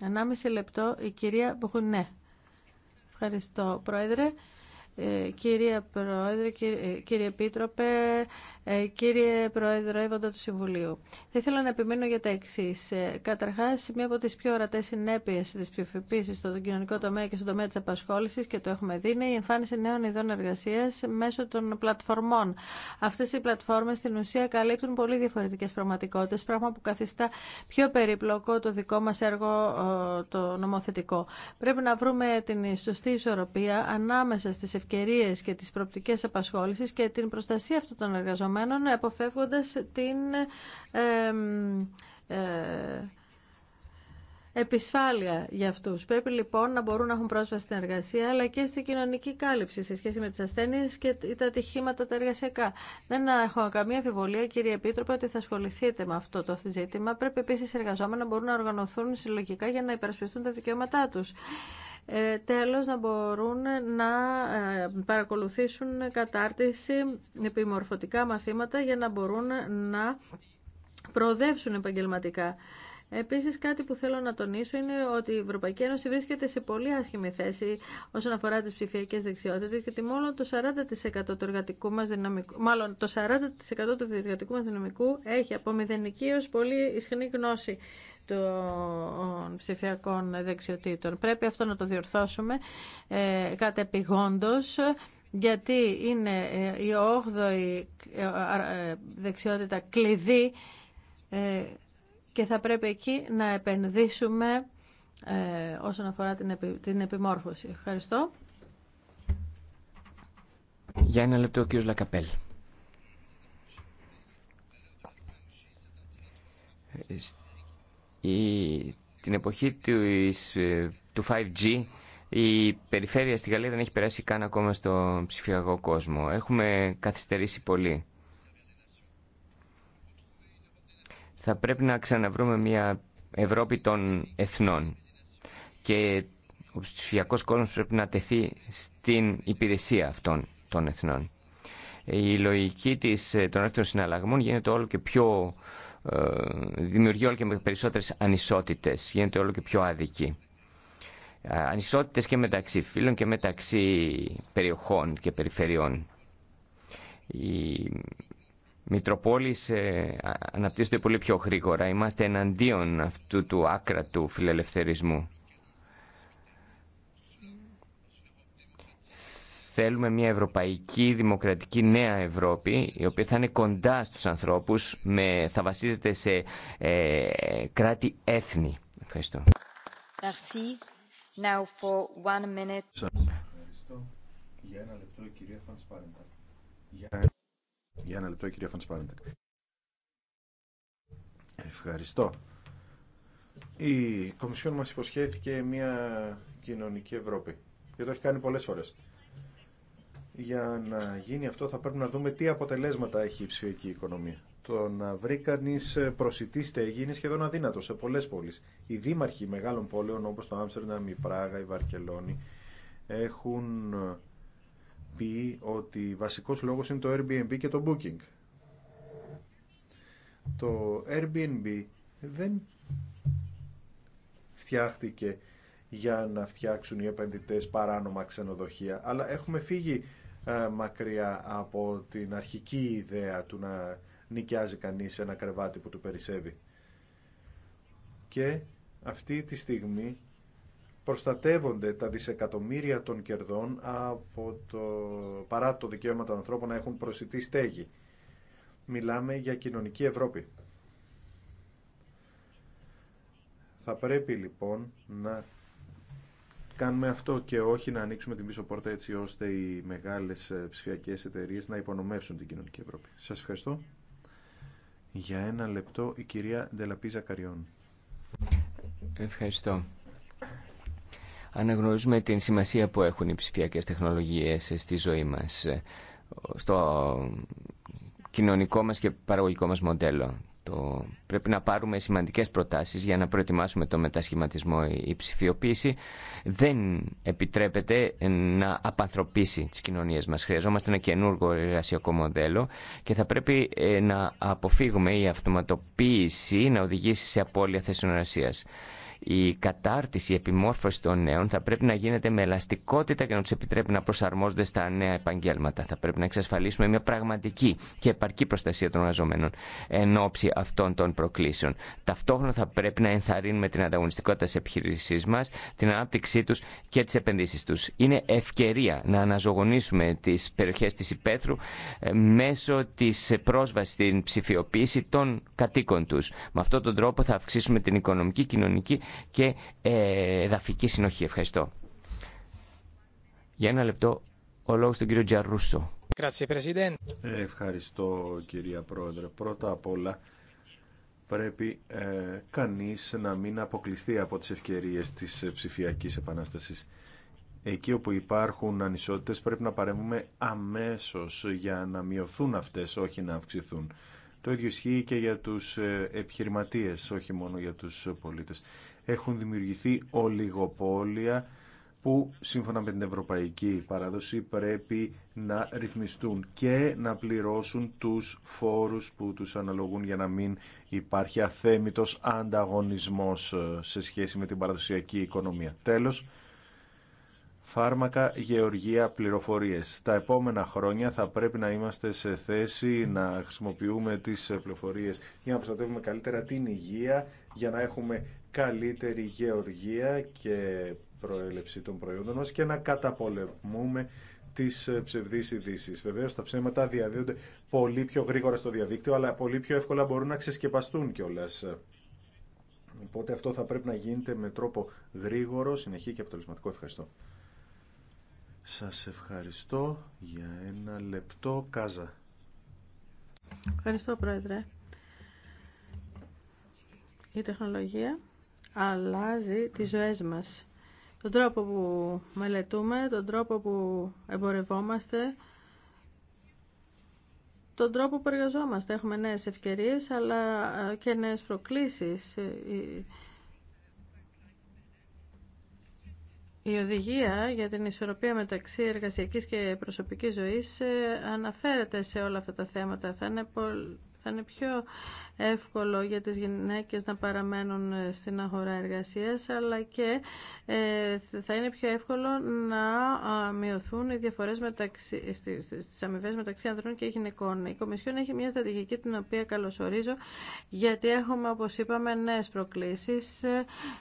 Ανάμιση λεπτό η κυρία Ευχαριστώ, Πρόεδρε. Ε, κύριε Πρόεδρε, κύριε, ε, κύριε Επίτροπε, ε, κύριε Προεδρεύοντα του Συμβουλίου. Θα ήθελα να επιμείνω για τα εξή. Καταρχά, μία από τι πιο ορατέ συνέπειε τη ψηφοποίηση στον κοινωνικό τομέα και στον τομέα τη απασχόληση, και το έχουμε δει, είναι η εμφάνιση νέων ειδών εργασία μέσω των πλατφορμών. Αυτέ οι πλατφόρμε στην ουσία καλύπτουν πολύ διαφορετικέ πραγματικότητε, πράγμα που καθιστά πιο περίπλοκο το δικό μα έργο το νομοθετικό. Πρέπει να βρούμε την σωστή ισορροπία ανάμεσα στι και τι προοπτικέ απασχόληση και την προστασία αυτών των εργαζομένων αποφεύγοντα την ε, ε, επισφάλεια για αυτούς. Πρέπει λοιπόν να μπορούν να έχουν πρόσβαση στην εργασία αλλά και στην κοινωνική κάλυψη σε σχέση με τις ασθένειες και τα ατυχήματα τα εργασιακά. Δεν έχω καμία αμφιβολία κύριε Επίτροπε ότι θα ασχοληθείτε με αυτό το ζήτημα. Πρέπει επίσης οι εργαζόμενοι να μπορούν να οργανωθούν συλλογικά για να υπερασπιστούν τα δικαιώματά τους. Ε, τέλος να μπορούν να ε, παρακολουθήσουν κατάρτιση επιμορφωτικά μαθήματα για να μπορούν να προοδεύσουν επαγγελματικά. Επίσης, κάτι που θέλω να τονίσω είναι ότι η Ευρωπαϊκή Ένωση βρίσκεται σε πολύ άσχημη θέση όσον αφορά τις ψηφιακές δεξιότητες και ότι μόνο το 40% του εργατικού μας δυναμικού, μάλλον το 40% του εργατικού δυναμικού έχει από μηδενική πολύ ισχυρή γνώση των ψηφιακών δεξιοτήτων. Πρέπει αυτό να το διορθώσουμε ε, γιατί είναι ε, η 8η ε, ε, δεξιότητα κλειδί και θα πρέπει εκεί να επενδύσουμε όσον αφορά την επιμόρφωση. Ευχαριστώ. Για ένα λεπτό ο κύριος Λακαπέλ την εποχή ε, του 5G η περιφέρεια στη Γαλλία δεν έχει περάσει καν ακόμα στο ψηφιακό κόσμο. Έχουμε καθυστερήσει πολύ. Θα πρέπει να ξαναβρούμε μια Ευρώπη των εθνών και ο ψηφιακός κόσμος πρέπει να τεθεί στην υπηρεσία αυτών των εθνών. Η λογική της, ε, των έρθων συναλλαγμών γίνεται όλο και πιο ε, δημιουργεί όλο και με περισσότερες ανισότητες, γίνεται όλο και πιο άδικη. Ε, ανισότητες και μεταξύ φίλων και μεταξύ περιοχών και περιφερειών. Οι Μητροπόλεις αναπτύσσονται πολύ πιο γρήγορα. Είμαστε εναντίον αυτού του άκρατου φιλελευθερισμού. Θέλουμε μια ευρωπαϊκή, δημοκρατική νέα Ευρώπη, η οποία θα είναι κοντά στους ανθρώπους, με, θα βασίζεται σε ε, κράτη-έθνη. Ευχαριστώ. Merci. Now for one minute. ευχαριστώ. Για ένα λεπτό, κυρία Ευχαριστώ. Η Κομισιόν μας υποσχέθηκε μια κοινωνική Ευρώπη. Και το έχει κάνει πολλές φορές για να γίνει αυτό θα πρέπει να δούμε τι αποτελέσματα έχει η ψηφιακή οικονομία. Το να βρει κανεί ε, προσιτή στέγη είναι σχεδόν αδύνατο σε πολλέ πόλει. Οι δήμαρχοι μεγάλων πόλεων όπω το Άμστερνταμ, η Πράγα, η Βαρκελόνη έχουν ε, πει ότι βασικός λόγος είναι το Airbnb και το Booking. Το Airbnb δεν φτιάχτηκε για να φτιάξουν οι επενδυτές παράνομα ξενοδοχεία, αλλά έχουμε φύγει ε, μακριά από την αρχική ιδέα του να νοικιάζει κανείς ένα κρεβάτι που του περισσεύει. Και αυτή τη στιγμή προστατεύονται τα δισεκατομμύρια των κερδών από το, παρά το δικαίωμα των ανθρώπων να έχουν προσιτή στέγη. Μιλάμε για κοινωνική Ευρώπη. Θα πρέπει λοιπόν να κάνουμε αυτό και όχι να ανοίξουμε την πίσω πόρτα έτσι ώστε οι μεγάλες ε, ψηφιακές εταιρείε να υπονομεύσουν την κοινωνική Ευρώπη. Σας ευχαριστώ. Για ένα λεπτό η κυρία Ντελαπίζα Καριών. Ευχαριστώ. Αναγνωρίζουμε την σημασία που έχουν οι ψηφιακές τεχνολογίες στη ζωή μας, ε, στο κοινωνικό μας και παραγωγικό μας μοντέλο πρέπει να πάρουμε σημαντικές προτάσεις για να προετοιμάσουμε το μετασχηματισμό. Η ψηφιοποίηση δεν επιτρέπεται να απανθρωπίσει τις κοινωνίες μας. Χρειαζόμαστε ένα καινούργιο εργασιακό μοντέλο και θα πρέπει ε, να αποφύγουμε η αυτοματοποίηση να οδηγήσει σε απώλεια θέσεων εργασίας. Η κατάρτιση, η επιμόρφωση των νέων θα πρέπει να γίνεται με ελαστικότητα και να του επιτρέπει να προσαρμόζονται στα νέα επαγγέλματα. Θα πρέπει να εξασφαλίσουμε μια πραγματική και επαρκή προστασία των εργαζομένων εν ώψη αυτών των προκλήσεων. Ταυτόχρονα θα πρέπει να ενθαρρύνουμε την ανταγωνιστικότητα τη επιχείρησή μα, την ανάπτυξή του και τι επενδύσει του. Είναι ευκαιρία να αναζωογονήσουμε τι περιοχέ τη υπαίθρου ε, μέσω τη πρόσβαση στην ψηφιοποίηση των κατοίκων του. Με αυτόν τον τρόπο θα αυξήσουμε την οικονομική, κοινωνική και ε, εδαφική συνοχή. Ευχαριστώ. Για ένα λεπτό, ο λόγος του κύριου Τζαρούσο. Ευχαριστώ κυρία Πρόεδρε. Πρώτα απ' όλα πρέπει ε, κανείς να μην αποκλειστεί από τις ευκαιρίες της ε, ψηφιακής επανάστασης. Εκεί όπου υπάρχουν ανισότητες πρέπει να παρέμβουμε αμέσως για να μειωθούν αυτές, όχι να αυξηθούν. Το ίδιο ισχύει και για τους ε, επιχειρηματίες, όχι μόνο για τους πολίτες έχουν δημιουργηθεί ολιγοπόλια που σύμφωνα με την ευρωπαϊκή παράδοση πρέπει να ρυθμιστούν και να πληρώσουν τους φόρους που τους αναλογούν για να μην υπάρχει αθέμητος ανταγωνισμός ε, σε σχέση με την παραδοσιακή οικονομία. Τέλος, φάρμακα, γεωργία, πληροφορίες. Τα επόμενα χρόνια θα πρέπει να είμαστε σε θέση να χρησιμοποιούμε τις πληροφορίες για να προστατεύουμε καλύτερα την υγεία, για να έχουμε καλύτερη γεωργία και προέλευση των προϊόντων μας και να καταπολεμούμε τις ψευδείς ειδήσει. Βεβαίως τα ψέματα διαδίδονται πολύ πιο γρήγορα στο διαδίκτυο, αλλά πολύ πιο εύκολα μπορούν να ξεσκεπαστούν κιόλα. Οπότε αυτό θα πρέπει να γίνεται με τρόπο γρήγορο, συνεχή και αποτελεσματικό. Ευχαριστώ. Σας ευχαριστώ για ένα λεπτό κάζα. Ευχαριστώ Πρόεδρε. Η τεχνολογία αλλάζει τις ζωές μας. Τον τρόπο που μελετούμε, τον τρόπο που εμπορευόμαστε, τον τρόπο που εργαζόμαστε. Έχουμε νέες ευκαιρίες αλλά ε, και νέες προκλήσεις. Ε, ε, Η οδηγία για την ισορροπία μεταξύ εργασιακής και προσωπικής ζωής ε, αναφέρεται σε όλα αυτά τα θέματα. Θα είναι θα είναι πιο εύκολο για τις γυναίκες να παραμένουν ε, στην αγορά εργασίας, αλλά και ε, θα είναι πιο εύκολο να μειωθούν οι διαφορές μεταξύ, στις αμοιβέ μεταξύ ανδρών και γυναικών. Η Κομισιόν έχει μια στρατηγική την οποία καλωσορίζω, γιατί έχουμε, όπως είπαμε, νέες προκλήσεις.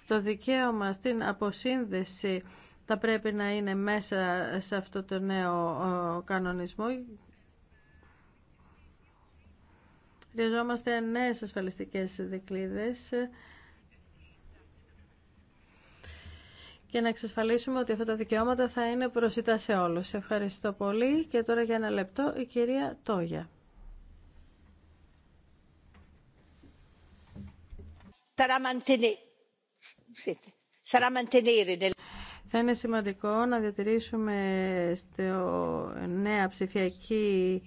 Το δικαίωμα στην αποσύνδεση θα πρέπει να είναι μέσα σε αυτό το νέο κανονισμό Χρειαζόμαστε νέες ασφαλιστικές δικλείδες και να εξασφαλίσουμε ότι αυτά τα δικαιώματα θα είναι προσιτά σε όλους. Ευχαριστώ πολύ και τώρα για ένα λεπτό η κυρία Τόγια. Ναι. Θα είναι σημαντικό να διατηρήσουμε στο νέα ψηφιακή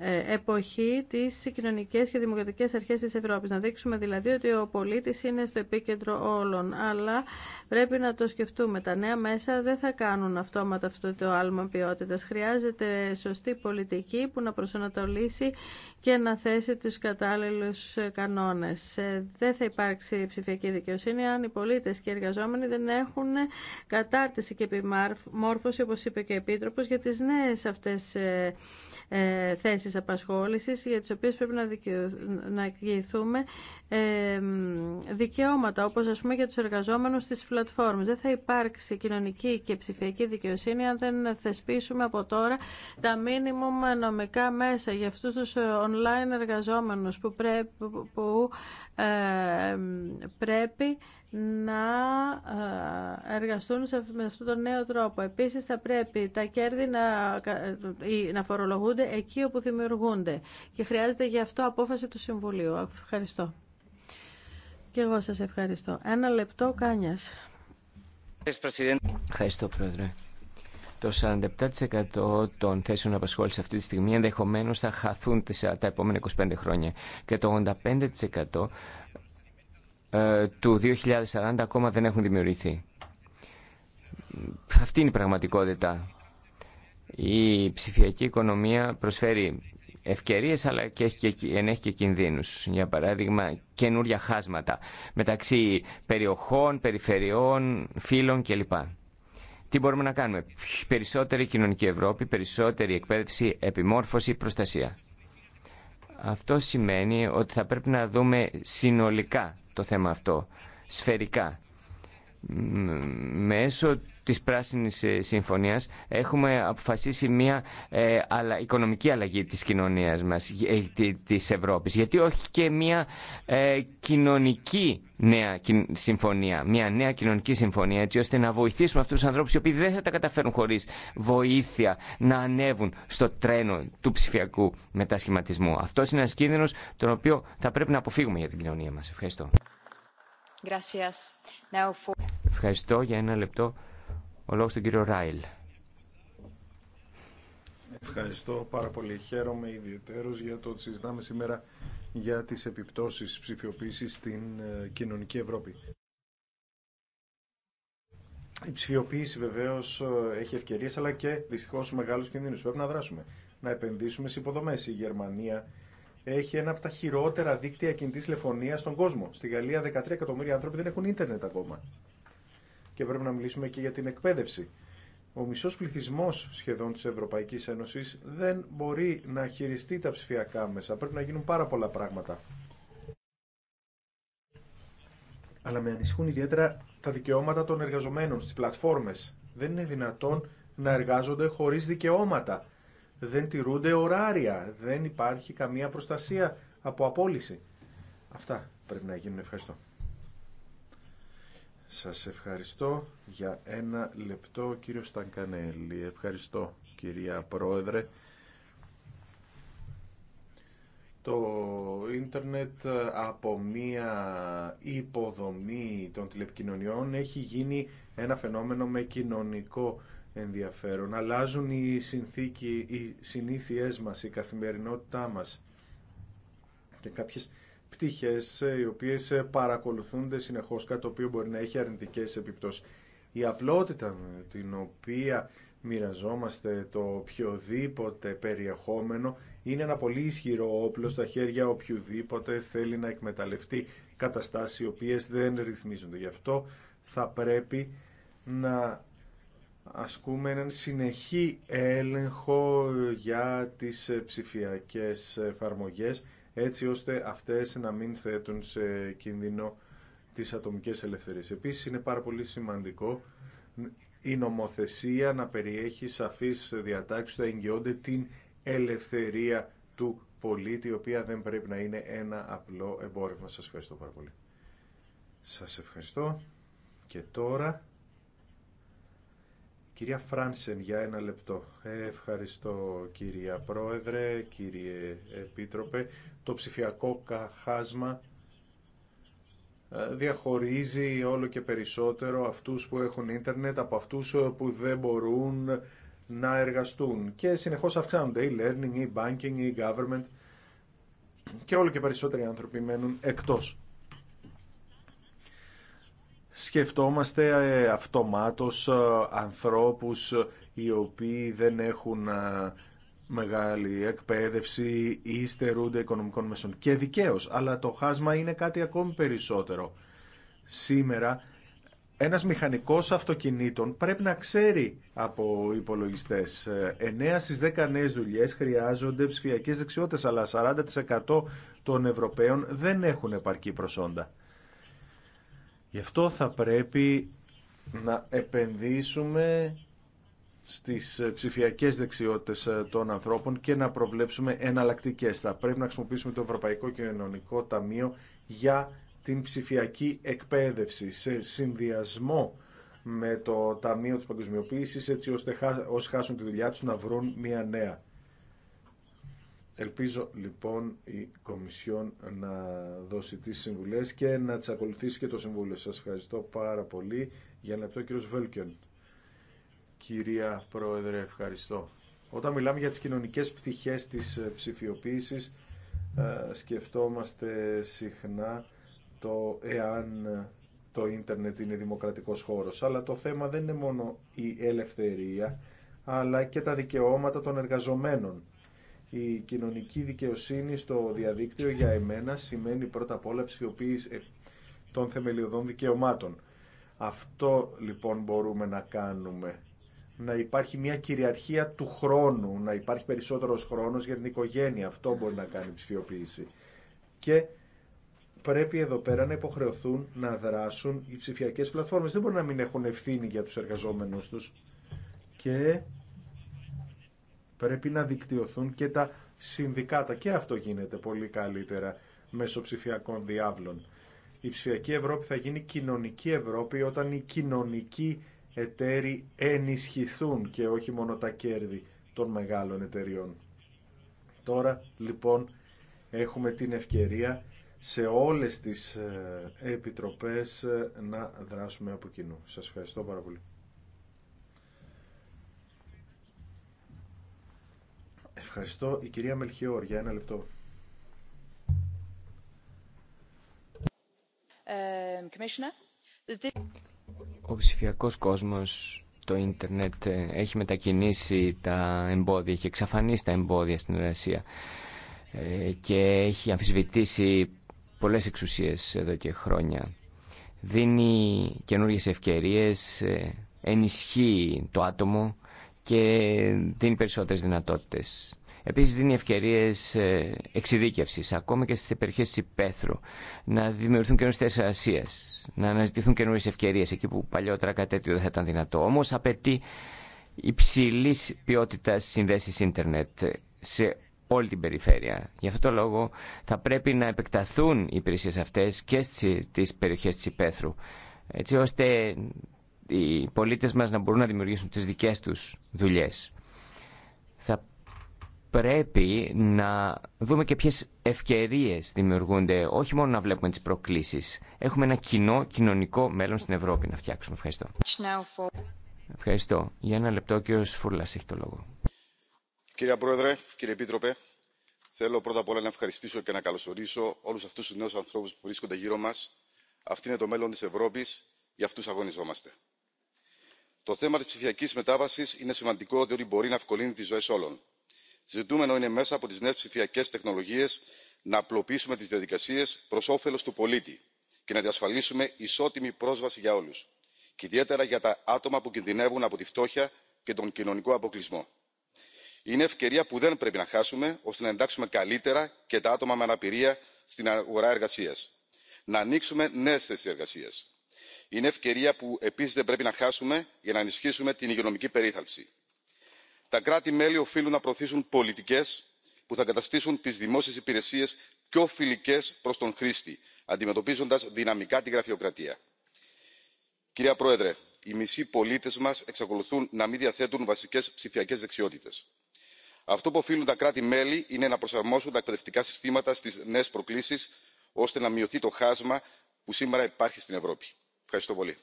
ε, εποχή τις κοινωνικές και δημοκρατικές αρχές της Ευρώπης. Να δείξουμε δηλαδή ότι ο πολίτης είναι στο επίκεντρο όλων, αλλά πρέπει να το σκεφτούμε. Τα νέα μέσα δεν θα κάνουν αυτόματα αυτό το άλμα ποιότητα. Χρειάζεται σωστή πολιτική που να προσανατολίσει και να θέσει τους κατάλληλους κανόνες. Ε, δεν θα υπάρξει ψηφιακή δικαιοσύνη αν οι πολίτες και οι εργαζόμενοι δεν έχουν κατάρτιση και επιμόρφωση, όπως είπε και ο για τις νέες αυτές ε, ε, θέσεις απασχόλησης για τις οποίες πρέπει να, δικαιωθούμε, δικαιώματα, όπως ας για τους εργαζόμενους στις πλατφόρμες. Δεν θα υπάρξει κοινωνική και ψηφιακή δικαιοσύνη αν δεν θεσπίσουμε από τώρα τα μήνυμα νομικά μέσα για αυτούς τους ε, online εργαζόμενους που πρέπει, που, ε, πρέπει να ε, εργαστούν με αυτόν τον νέο τρόπο. Επίσης θα πρέπει τα κέρδη να, να φορολογούνται εκεί όπου δημιουργούνται και χρειάζεται γι' αυτό απόφαση του Συμβουλίου. Ευχαριστώ. Και εγώ σας ευχαριστώ. Ένα λεπτό, Κάνιας. Ευχαριστώ, Πρόεδρε. Το 47% των θέσεων απασχόληση αυτή τη στιγμή ενδεχομένω θα χαθούν τα επόμενα 25 χρόνια και το 85% ε, του 2040 ακόμα δεν έχουν δημιουργηθεί. Αυτή είναι η πραγματικότητα. Η ψηφιακή οικονομία προσφέρει ευκαιρίες αλλά και έχει και, ενέχει και κινδύνους. Για παράδειγμα καινούρια χάσματα μεταξύ περιοχών, περιφερειών, φύλων κλπ. Τι μπορούμε να κάνουμε. Περισσότερη κοινωνική Ευρώπη, περισσότερη εκπαίδευση, επιμόρφωση, προστασία. Αυτό σημαίνει ότι θα πρέπει να δούμε συνολικά το θέμα αυτό, σφαιρικά μέσω της Πράσινης ε, Συμφωνίας έχουμε αποφασίσει μια ε, αλλά, οικονομική αλλαγή της κοινωνίας μας, ε, της Ευρώπης. Γιατί όχι και μια ε, κοινωνική νέα συμφωνία, μια νέα κοινωνική συμφωνία, έτσι ώστε να βοηθήσουμε αυτούς τους ανθρώπους οι οποίοι δεν θα τα καταφέρουν χωρίς βοήθεια να ανέβουν στο τρένο του ψηφιακού μετασχηματισμού. Αυτό είναι ένας κίνδυνος τον οποίο θα πρέπει να αποφύγουμε για την κοινωνία μας. Ευχαριστώ. Gracias. Now for... Ευχαριστώ για ένα λεπτό ο λόγος του κύριο Ράιλ. Ευχαριστώ πάρα πολύ. Χαίρομαι ιδιαίτερως για το ότι συζητάμε σήμερα για τις επιπτώσεις ψηφιοποίησης στην ε, κοινωνική Ευρώπη. Η ψηφιοποίηση βεβαίως ε, έχει ευκαιρίες αλλά και δυστυχώ μεγάλου κινδύνους. Πρέπει να δράσουμε. Να επενδύσουμε σε υποδομέ. Η Γερμανία έχει ένα από τα χειρότερα δίκτυα κινητή τηλεφωνίας στον κόσμο. Στη Γαλλία 13 εκατομμύρια άνθρωποι δεν έχουν ίντερνετ ακόμα και πρέπει να μιλήσουμε και για την εκπαίδευση. Ο μισός πληθυσμός σχεδόν της Ευρωπαϊκής Ένωσης δεν μπορεί να χειριστεί τα ψηφιακά μέσα. Πρέπει να γίνουν πάρα πολλά πράγματα. Αλλά με ανησυχούν ιδιαίτερα τα δικαιώματα των εργαζομένων στις πλατφόρμες. Δεν είναι δυνατόν να εργάζονται χωρίς δικαιώματα. Δεν τηρούνται ωράρια. Δεν υπάρχει καμία προστασία από απόλυση. Αυτά πρέπει να γίνουν. Ευχαριστώ. Σας ευχαριστώ για ένα λεπτό κύριο Στανκανέλη. Ευχαριστώ κυρία Πρόεδρε. Το ίντερνετ ε, από μία υποδομή των τηλεπικοινωνιών έχει γίνει ένα φαινόμενο με κοινωνικό ενδιαφέρον. Αλλάζουν οι, συνθήκη, οι συνήθειές μας, η καθημερινότητά μας και κάποιες πτυχές ε, οι οποίες ε, παρακολουθούνται συνεχώς, κάτι το οποίο μπορεί να έχει αρνητικές επιπτώσεις. Η απλότητα με την οποία μοιραζόμαστε το οποιοδήποτε περιεχόμενο είναι ένα πολύ ισχυρό όπλο στα χέρια οποιοδήποτε θέλει να εκμεταλλευτεί καταστάσεις οι οποίες δεν ρυθμίζονται. Γι' αυτό θα πρέπει να ασκούμε έναν συνεχή έλεγχο για τις ψηφιακές εφαρμογές έτσι ώστε αυτές να μην θέτουν σε κίνδυνο τις ατομικές ελευθερίες. Επίσης είναι πάρα πολύ σημαντικό η νομοθεσία να περιέχει σαφείς διατάξεις που θα εγγυώνται την ελευθερία του πολίτη, η οποία δεν πρέπει να είναι ένα απλό εμπόρευμα. Σας ευχαριστώ πάρα πολύ. Σας ευχαριστώ. Και τώρα Κυρία Φράνσεν, για ένα λεπτό. Ε, ευχαριστώ κυρία Πρόεδρε, κύριε Επίτροπε. Το ψηφιακό χάσμα ε, διαχωρίζει όλο και περισσότερο αυτούς που έχουν ίντερνετ από αυτούς ε, που δεν μπορούν να εργαστούν. Και συνεχώς αυξάνονται οι learning, οι banking, η government και όλο και περισσότεροι άνθρωποι μένουν εκτός σκεφτόμαστε ε, αυτομάτως ε, ανθρώπους οι οποίοι δεν έχουν ε, μεγάλη εκπαίδευση ή στερούνται οικονομικών μέσων. Και δικαίως, αλλά το χάσμα είναι κάτι ακόμη περισσότερο. Σήμερα ένας μηχανικός αυτοκινήτων πρέπει να ξέρει από υπολογιστές. 9 στις 10 νέες δουλειές χρειάζονται ψηφιακές δεξιότητες, αλλά 40% των Ευρωπαίων δεν έχουν επαρκή προσόντα. Γι' αυτό θα πρέπει να επενδύσουμε στις ψηφιακές δεξιότητες ε, των ανθρώπων και να προβλέψουμε εναλλακτικέ. Θα πρέπει να χρησιμοποιήσουμε το Ευρωπαϊκό Κοινωνικό Ταμείο για την ψηφιακή εκπαίδευση σε συνδυασμό με το Ταμείο της Παγκοσμιοποίησης έτσι ώστε όσοι χάσουν τη δουλειά τους να βρουν μια νέα. Ελπίζω λοιπόν η Κομισιόν να δώσει τις συμβουλές και να τις ακολουθήσει και το Συμβούλιο. Σας ευχαριστώ πάρα πολύ. Για να λεπτό κύριος Βέλκιον. Κυρία Πρόεδρε, ευχαριστώ. Όταν μιλάμε για τις κοινωνικές πτυχές της ε, ψηφιοποίησης, ε, σκεφτόμαστε συχνά το εάν ε, το ίντερνετ είναι δημοκρατικός χώρος. Αλλά το θέμα δεν είναι μόνο η ελευθερία, αλλά και τα δικαιώματα των εργαζομένων η κοινωνική δικαιοσύνη στο διαδίκτυο για εμένα σημαίνει πρώτα απ' όλα ψηφιοποίηση ε, των θεμελιωδών δικαιωμάτων. Αυτό λοιπόν μπορούμε να κάνουμε. Να υπάρχει μια κυριαρχία του χρόνου, να υπάρχει περισσότερος χρόνος για την οικογένεια. Αυτό μπορεί να κάνει ψηφιοποίηση. Και πρέπει εδώ πέρα να υποχρεωθούν να δράσουν οι ψηφιακές πλατφόρμες. Δεν μπορεί να μην έχουν ευθύνη για τους εργαζόμενους τους. Και Πρέπει να δικτυωθούν και τα συνδικάτα. Και αυτό γίνεται πολύ καλύτερα μέσω ψηφιακών διάβλων. Η ψηφιακή Ευρώπη θα γίνει κοινωνική Ευρώπη όταν οι κοινωνικοί εταίροι ενισχυθούν και όχι μόνο τα κέρδη των μεγάλων εταιριών. Τώρα λοιπόν έχουμε την ευκαιρία σε όλες τις ε, επιτροπές ε, να δράσουμε από κοινού. Σας ευχαριστώ πάρα πολύ. Ευχαριστώ. Η κυρία Μελχιόρ για ένα λεπτό. Ε, Ο ψηφιακός κόσμος, το ίντερνετ, ε, έχει μετακινήσει τα εμπόδια, έχει εξαφανίσει τα εμπόδια στην εργασία ε, και έχει αμφισβητήσει πολλές εξουσίες εδώ και χρόνια. Δίνει καινούργιες ευκαιρίες, ενισχύει το άτομο, και δίνει περισσότερες δυνατότητες. Επίσης δίνει ευκαιρίες ε, εξειδίκευσης, ακόμα και στις περιοχές της υπαίθρου, να δημιουργηθούν καινούριες θέσεις ασίας, να αναζητηθούν καινούριες ευκαιρίες, εκεί που παλιότερα κάτι τέτοιο δεν θα ήταν δυνατό. Όμως απαιτεί υψηλή ποιότητα συνδέσεις ίντερνετ σε όλη την περιφέρεια. Γι' αυτό το λόγο θα πρέπει να επεκταθούν οι υπηρεσίες αυτές και στις περιοχές της υπαίθρου, έτσι ώστε οι πολίτες μας να μπορούν να δημιουργήσουν τις δικές τους δουλειές. Θα πρέπει να δούμε και ποιες ευκαιρίες δημιουργούνται, όχι μόνο να βλέπουμε τις προκλήσεις. Έχουμε ένα κοινό κοινωνικό μέλλον στην Ευρώπη να φτιάξουμε. Ευχαριστώ. Ευχαριστώ. Για ένα λεπτό ο Σφουρλας έχει το λόγο. Κύριε Πρόεδρε, κύριε Επίτροπε, θέλω πρώτα απ' όλα να ευχαριστήσω και να καλωσορίσω όλους αυτούς τους νέους ανθρώπους που βρίσκονται γύρω μας. Αυτή είναι το μέλλον της Ευρώπης, για αυτούς αγωνιζόμαστε το θέμα τη ψηφιακή μετάβαση είναι σημαντικό διότι μπορεί να ευκολύνει τι ζωέ όλων. ζητούμενο είναι μέσα από τι νέε ψηφιακέ τεχνολογίε να απλοποιήσουμε τι διαδικασίε προ όφελο του πολίτη και να διασφαλίσουμε ισότιμη πρόσβαση για όλου και ιδιαίτερα για τα άτομα που κινδυνεύουν από τη φτώχεια και τον κοινωνικό αποκλεισμό. είναι ευκαιρία που δεν πρέπει να χάσουμε ώστε να εντάξουμε καλύτερα και τα άτομα με αναπηρία στην αγορά εργασία να ανοίξουμε νέε θέσει εργασία είναι ευκαιρία που επίση δεν πρέπει να χάσουμε για να ενισχύσουμε την υγειονομική περίθαλψη. τα κράτη μέλη οφείλουν να προωθήσουν πολιτικέ που θα καταστήσουν τι δημόσιε υπηρεσίε πιο φιλικέ προ τον χρήστη αντιμετωπίζοντα δυναμικά τη γραφειοκρατία. κυρία πρόεδρε οι μισοί πολίτε μα εξακολουθούν να μην διαθέτουν βασικέ ψηφιακέ δεξιότητε. αυτό που οφείλουν τα κράτη μέλη είναι να προσαρμόσουν τα εκπαιδευτικά συστήματα στι νέε προκλήσει ώστε να μειωθεί το χάσμα που σήμερα υπάρχει στην ευρώπη ευχαριστώ πολύ.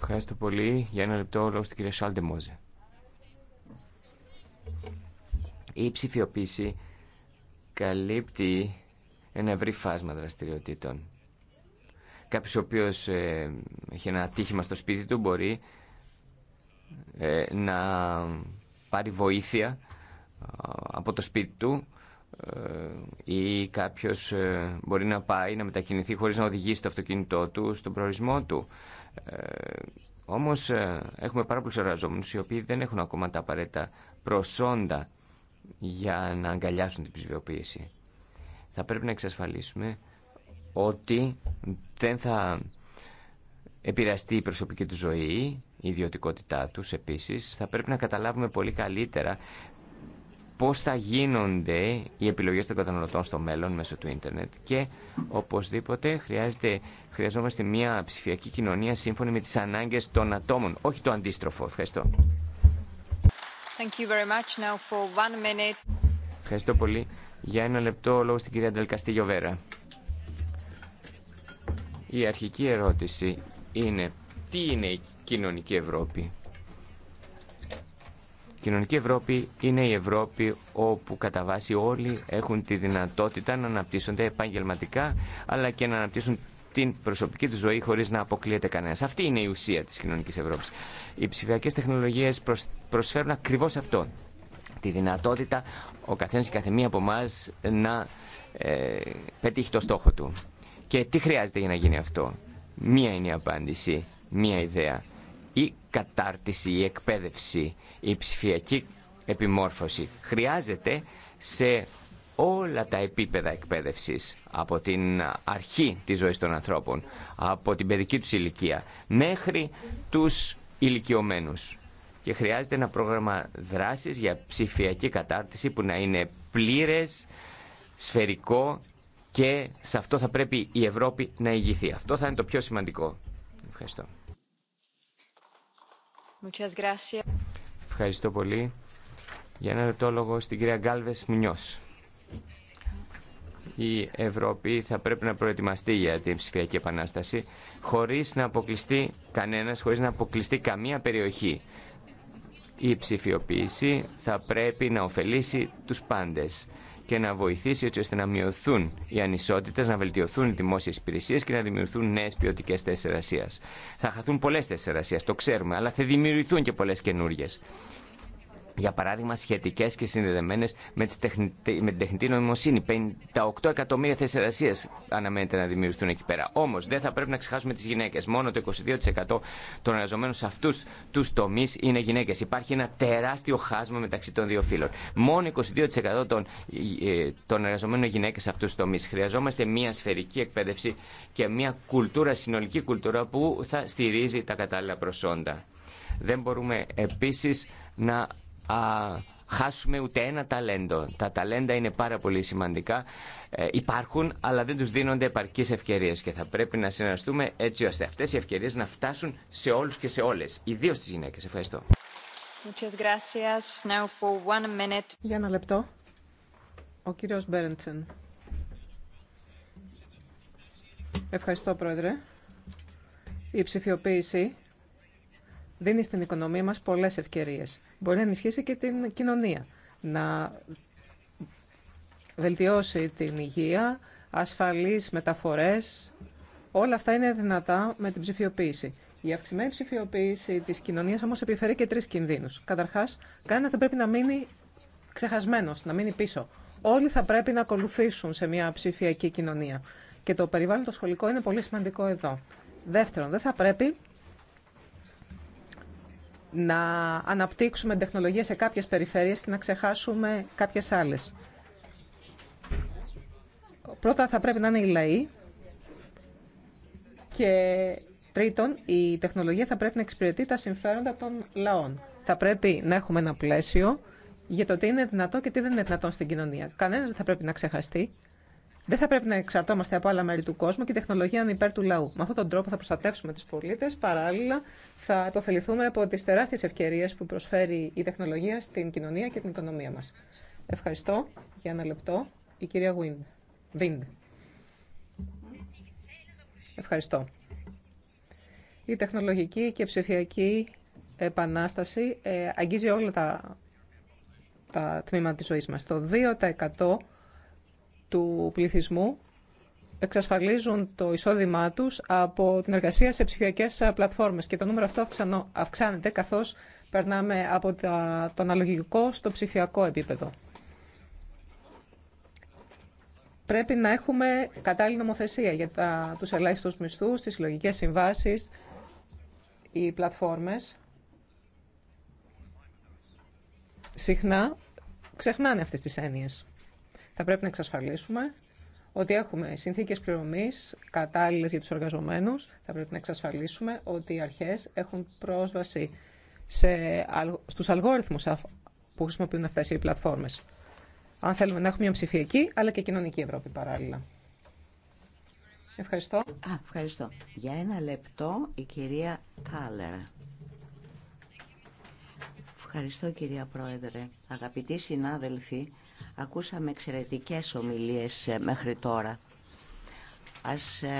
Ευχαριστώ πολύ. Για ένα λεπτό λόγω στην κυρία Σάλντε Η ψηφιοποίηση καλύπτει ένα ευρύ φάσμα δραστηριοτήτων. Κάποιος ο οποίος ε, έχει ένα ατύχημα στο σπίτι του μπορεί ε, να πάρει βοήθεια από το σπίτι του ε, ή κάποιος ε, μπορεί να πάει να μετακινηθεί χωρίς να οδηγήσει το αυτοκίνητό του στον προορισμό του. Ε, όμως έχουμε πάρα πολλούς εργαζόμενους οι οποίοι δεν έχουν ακόμα τα απαραίτητα προσόντα για να αγκαλιάσουν την ψηφιοποίηση. Θα πρέπει να εξασφαλίσουμε ότι δεν θα επηρεαστεί η προσωπική του ζωή, η ιδιωτικότητά τους επίσης. Θα πρέπει να καταλάβουμε πολύ καλύτερα πώς θα γίνονται οι επιλογές των καταναλωτών στο μέλλον μέσω του ίντερνετ και οπωσδήποτε χρειάζεται, χρειαζόμαστε μια ψηφιακή κοινωνία σύμφωνη με τις ανάγκες των ατόμων, όχι το αντίστροφο. Ευχαριστώ. Thank you very much. Now for one minute. Ευχαριστώ πολύ. Για ένα λεπτό λόγο στην κυρία Ντελκαστήγιο Βέρα. Η αρχική ερώτηση είναι τι είναι η κοινωνική Ευρώπη κοινωνική Ευρώπη είναι η Ευρώπη όπου κατά βάση όλοι έχουν τη δυνατότητα να αναπτύσσονται επαγγελματικά αλλά και να αναπτύσσουν την προσωπική του ζωή χωρίς να αποκλείεται κανένας. Αυτή είναι η ουσία της κοινωνικής Ευρώπης. Οι ψηφιακές τεχνολογίες προσφέρουν ακριβώς αυτό. Τη δυνατότητα ο καθένας και καθεμία από εμά να ε, πετύχει το στόχο του. Και τι χρειάζεται για να γίνει αυτό. Μία είναι η απάντηση, μία ιδέα η κατάρτιση, η εκπαίδευση, η ψηφιακή επιμόρφωση. Χρειάζεται σε όλα τα επίπεδα εκπαίδευσης, από την αρχή της ζωής των ανθρώπων, από την παιδική τους ηλικία, μέχρι τους ηλικιωμένους. Και χρειάζεται ένα πρόγραμμα δράσης για ψηφιακή κατάρτιση που να είναι πλήρες, σφαιρικό και σε αυτό θα πρέπει η Ευρώπη να ηγηθεί. Αυτό θα είναι το πιο σημαντικό. Ευχαριστώ. Ευχαριστώ πολύ. Για ένα λεπτό λόγο στην κυρία Γκάλβες Η Ευρώπη θα πρέπει να προετοιμαστεί για την ψηφιακή επανάσταση χωρίς να αποκλειστεί κανένας, χωρίς να αποκλειστεί καμία περιοχή. Η ψηφιοποίηση θα πρέπει να ωφελήσει τους πάντες και να βοηθήσει έτσι ώστε να μειωθούν οι ανισότητες, να βελτιωθούν οι δημόσιες υπηρεσίες και να δημιουργηθούν νέες ποιοτικέ θέσει εργασία. Θα χαθούν πολλές θέσει εργασία, το ξέρουμε, αλλά θα δημιουργηθούν και πολλές καινούριε για παράδειγμα σχετικέ και συνδεδεμένε με, την τεχνητή νοημοσύνη. 58 εκατομμύρια θέσει εργασία αναμένεται να δημιουργηθούν εκεί πέρα. Όμω δεν θα πρέπει να ξεχάσουμε τι γυναίκε. Μόνο το 22% των εργαζομένων σε αυτού του τομεί είναι γυναίκε. Υπάρχει ένα τεράστιο χάσμα μεταξύ των δύο φύλων. Μόνο 22% των, ε, των εργαζομένων γυναίκε σε αυτού του τομεί. Χρειαζόμαστε μια σφαιρική εκπαίδευση και μια κουλτούρα, συνολική κουλτούρα που θα στηρίζει τα κατάλληλα προσόντα. Δεν μπορούμε επίσης να α, χάσουμε ούτε ένα ταλέντο. Τα ταλέντα είναι πάρα πολύ σημαντικά. Ε, υπάρχουν, αλλά δεν τους δίνονται επαρκείς ευκαιρίες και θα πρέπει να συνεργαστούμε έτσι ώστε αυτές οι ευκαιρίες να φτάσουν σε όλους και σε όλες, ιδίως στις γυναίκες. Ευχαριστώ. Για ένα λεπτό. Ο κύριος Μπέρεντσεν. Ευχαριστώ, Πρόεδρε. Η ψηφιοποίηση δίνει στην οικονομία μας πολλές ευκαιρίες μπορεί να ενισχύσει και την κοινωνία. Να βελτιώσει την υγεία, ασφαλείς μεταφορές. Όλα αυτά είναι δυνατά με την ψηφιοποίηση. Η αυξημένη ψηφιοποίηση της κοινωνίας όμως επιφέρει και τρεις κινδύνους. Καταρχάς, κανένας δεν πρέπει να μείνει ξεχασμένος, να μείνει πίσω. Όλοι θα πρέπει να ακολουθήσουν σε μια ψηφιακή κοινωνία. Και το περιβάλλον το σχολικό είναι πολύ σημαντικό εδώ. Δεύτερον, δεν θα πρέπει να αναπτύξουμε τεχνολογία σε κάποιες περιφέρειες και να ξεχάσουμε κάποιες άλλες. Πρώτα θα πρέπει να είναι οι λαοί και τρίτον η τεχνολογία θα πρέπει να εξυπηρετεί τα συμφέροντα των λαών. Θα πρέπει να έχουμε ένα πλαίσιο για το τι είναι δυνατό και τι δεν είναι δυνατόν στην κοινωνία. Κανένας δεν θα πρέπει να ξεχαστεί. Δεν θα πρέπει να εξαρτώμαστε από άλλα μέρη του κόσμου και η τεχνολογία είναι υπέρ του λαού. Με αυτόν τον τρόπο θα προστατεύσουμε του πολίτε. Παράλληλα, θα υποφεληθούμε από τι τεράστιε ευκαιρίε που προσφέρει η τεχνολογία στην κοινωνία και την οικονομία μα. Ευχαριστώ για ένα λεπτό. Η κυρία Βίντ. Ευχαριστώ. Η τεχνολογική και ψηφιακή επανάσταση ε, αγγίζει όλα τα, τα τμήματα της ζωής μας. Το 2% του πληθυσμού εξασφαλίζουν το εισόδημά τους από την εργασία σε ψηφιακές πλατφόρμες και το νούμερο αυτό αυξάνεται καθώς περνάμε από το αναλογικό στο ψηφιακό επίπεδο. Πρέπει να έχουμε κατάλληλη νομοθεσία για τα, τους ελάχιστους μισθούς, τις συλλογικέ συμβάσεις, οι πλατφόρμες. Συχνά ξεχνάνε αυτές τις έννοιες. Θα πρέπει να εξασφαλίσουμε ότι έχουμε συνθήκες πληρωμής κατάλληλες για τους εργαζομένους. Θα πρέπει να εξασφαλίσουμε ότι οι αρχές έχουν πρόσβαση σε, στους αλγόριθμους που χρησιμοποιούν αυτές οι πλατφόρμες. Αν θέλουμε να έχουμε μια ψηφιακή, αλλά και κοινωνική Ευρώπη παράλληλα. Ευχαριστώ. Α, ευχαριστώ. Για ένα λεπτό η κυρία Κάλερα. Ευχαριστώ κυρία Πρόεδρε. Αγαπητοί συνάδελφοι, Ακούσαμε εξαιρετικές ομιλίες ε, μέχρι τώρα. Ας ε,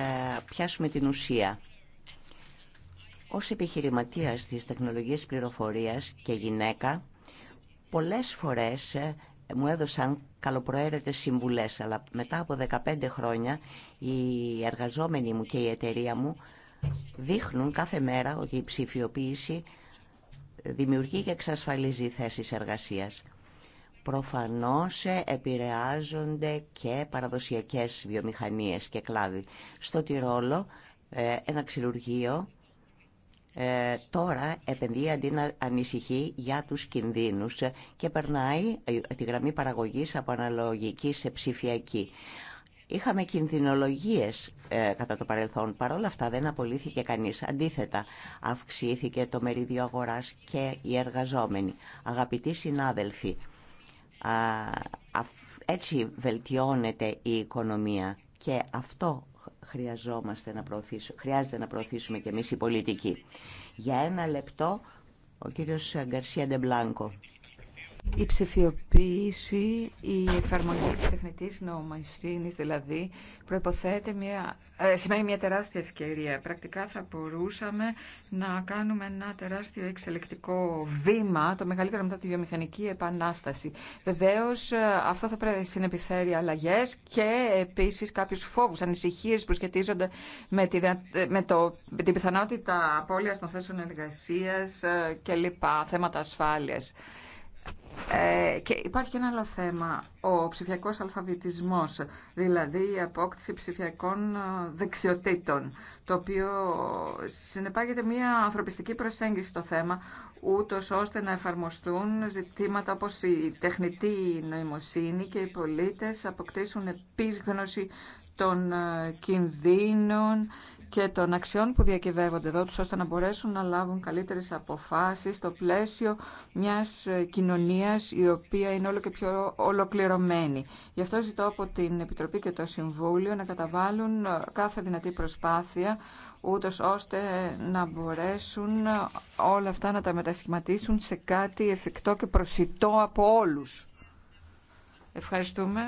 πιάσουμε την ουσία. Ως επιχειρηματίας της τεχνολογίας πληροφορίας και γυναίκα, πολλές φορές ε, μου έδωσαν καλοπροαίρετες συμβουλές, αλλά μετά από 15 χρόνια οι εργαζόμενοι μου και η εταιρεία μου δείχνουν κάθε μέρα ότι η ψηφιοποίηση δημιουργεί και εξασφαλίζει θέσεις εργασίας προφανώς επηρεάζονται και παραδοσιακές βιομηχανίες και κλάδοι. Στο Τυρόλο ε, ένα ξυλουργείο ε, τώρα επενδύει αντί να ανησυχεί για τους κινδύνους ε, και περνάει τη γραμμή παραγωγής από αναλογική σε ψηφιακή. Είχαμε κινδυνολογίες κατά το παρελθόν. παρόλα αυτά δεν απολύθηκε κανείς. Αντίθετα, αυξήθηκε το μερίδιο αγοράς και οι εργαζόμενοι. Αγαπητοί συνάδελφοι, έτσι βελτιώνεται η οικονομία και αυτό χρειαζόμαστε να προωθήσουμε, χρειάζεται να προωθήσουμε και εμείς οι πολιτικοί. Για ένα λεπτό, ο κύριος Γκαρσία Ντεμπλάνκο. Η ψηφιοποίηση, η εφαρμογή της τεχνητής νομοσύνης δηλαδή, προϋποθέτει μια, ε, σημαίνει μια τεράστια ευκαιρία. Πρακτικά θα μπορούσαμε να κάνουμε ένα τεράστιο εξελεκτικό βήμα, το μεγαλύτερο μετά τη βιομηχανική επανάσταση. Βεβαίως ε, αυτό θα πρέπει να συνεπιφέρει αλλαγές και επίσης κάποιους φόβους, ανησυχίες που σχετίζονται με, ε, με, το, με την πιθανότητα απώλειας των θέσεων εργασίας και λοιπά, θέματα ασφάλειας. Ε, και υπάρχει και ένα άλλο θέμα, ο ψηφιακός αλφαβητισμός, δηλαδή η απόκτηση ψηφιακών ε, δεξιοτήτων, το οποίο συνεπάγεται μια ανθρωπιστική προσέγγιση στο θέμα, ούτω ώστε να εφαρμοστούν ζητήματα όπως η τεχνητή νοημοσύνη και οι πολίτες αποκτήσουν επίγνωση των ε, κινδύνων και των αξιών που διακυβεύονται εδώ τους ώστε να μπορέσουν να λάβουν καλύτερες αποφάσεις στο πλαίσιο μιας ε, κοινωνίας η οποία είναι όλο και πιο ολοκληρωμένη. Γι' αυτό ζητώ από την Επιτροπή και το Συμβούλιο να καταβάλουν ε, κάθε δυνατή προσπάθεια ούτω ώστε να μπορέσουν ε, όλα αυτά να τα μετασχηματίσουν σε κάτι εφικτό και προσιτό από όλους. Ευχαριστούμε.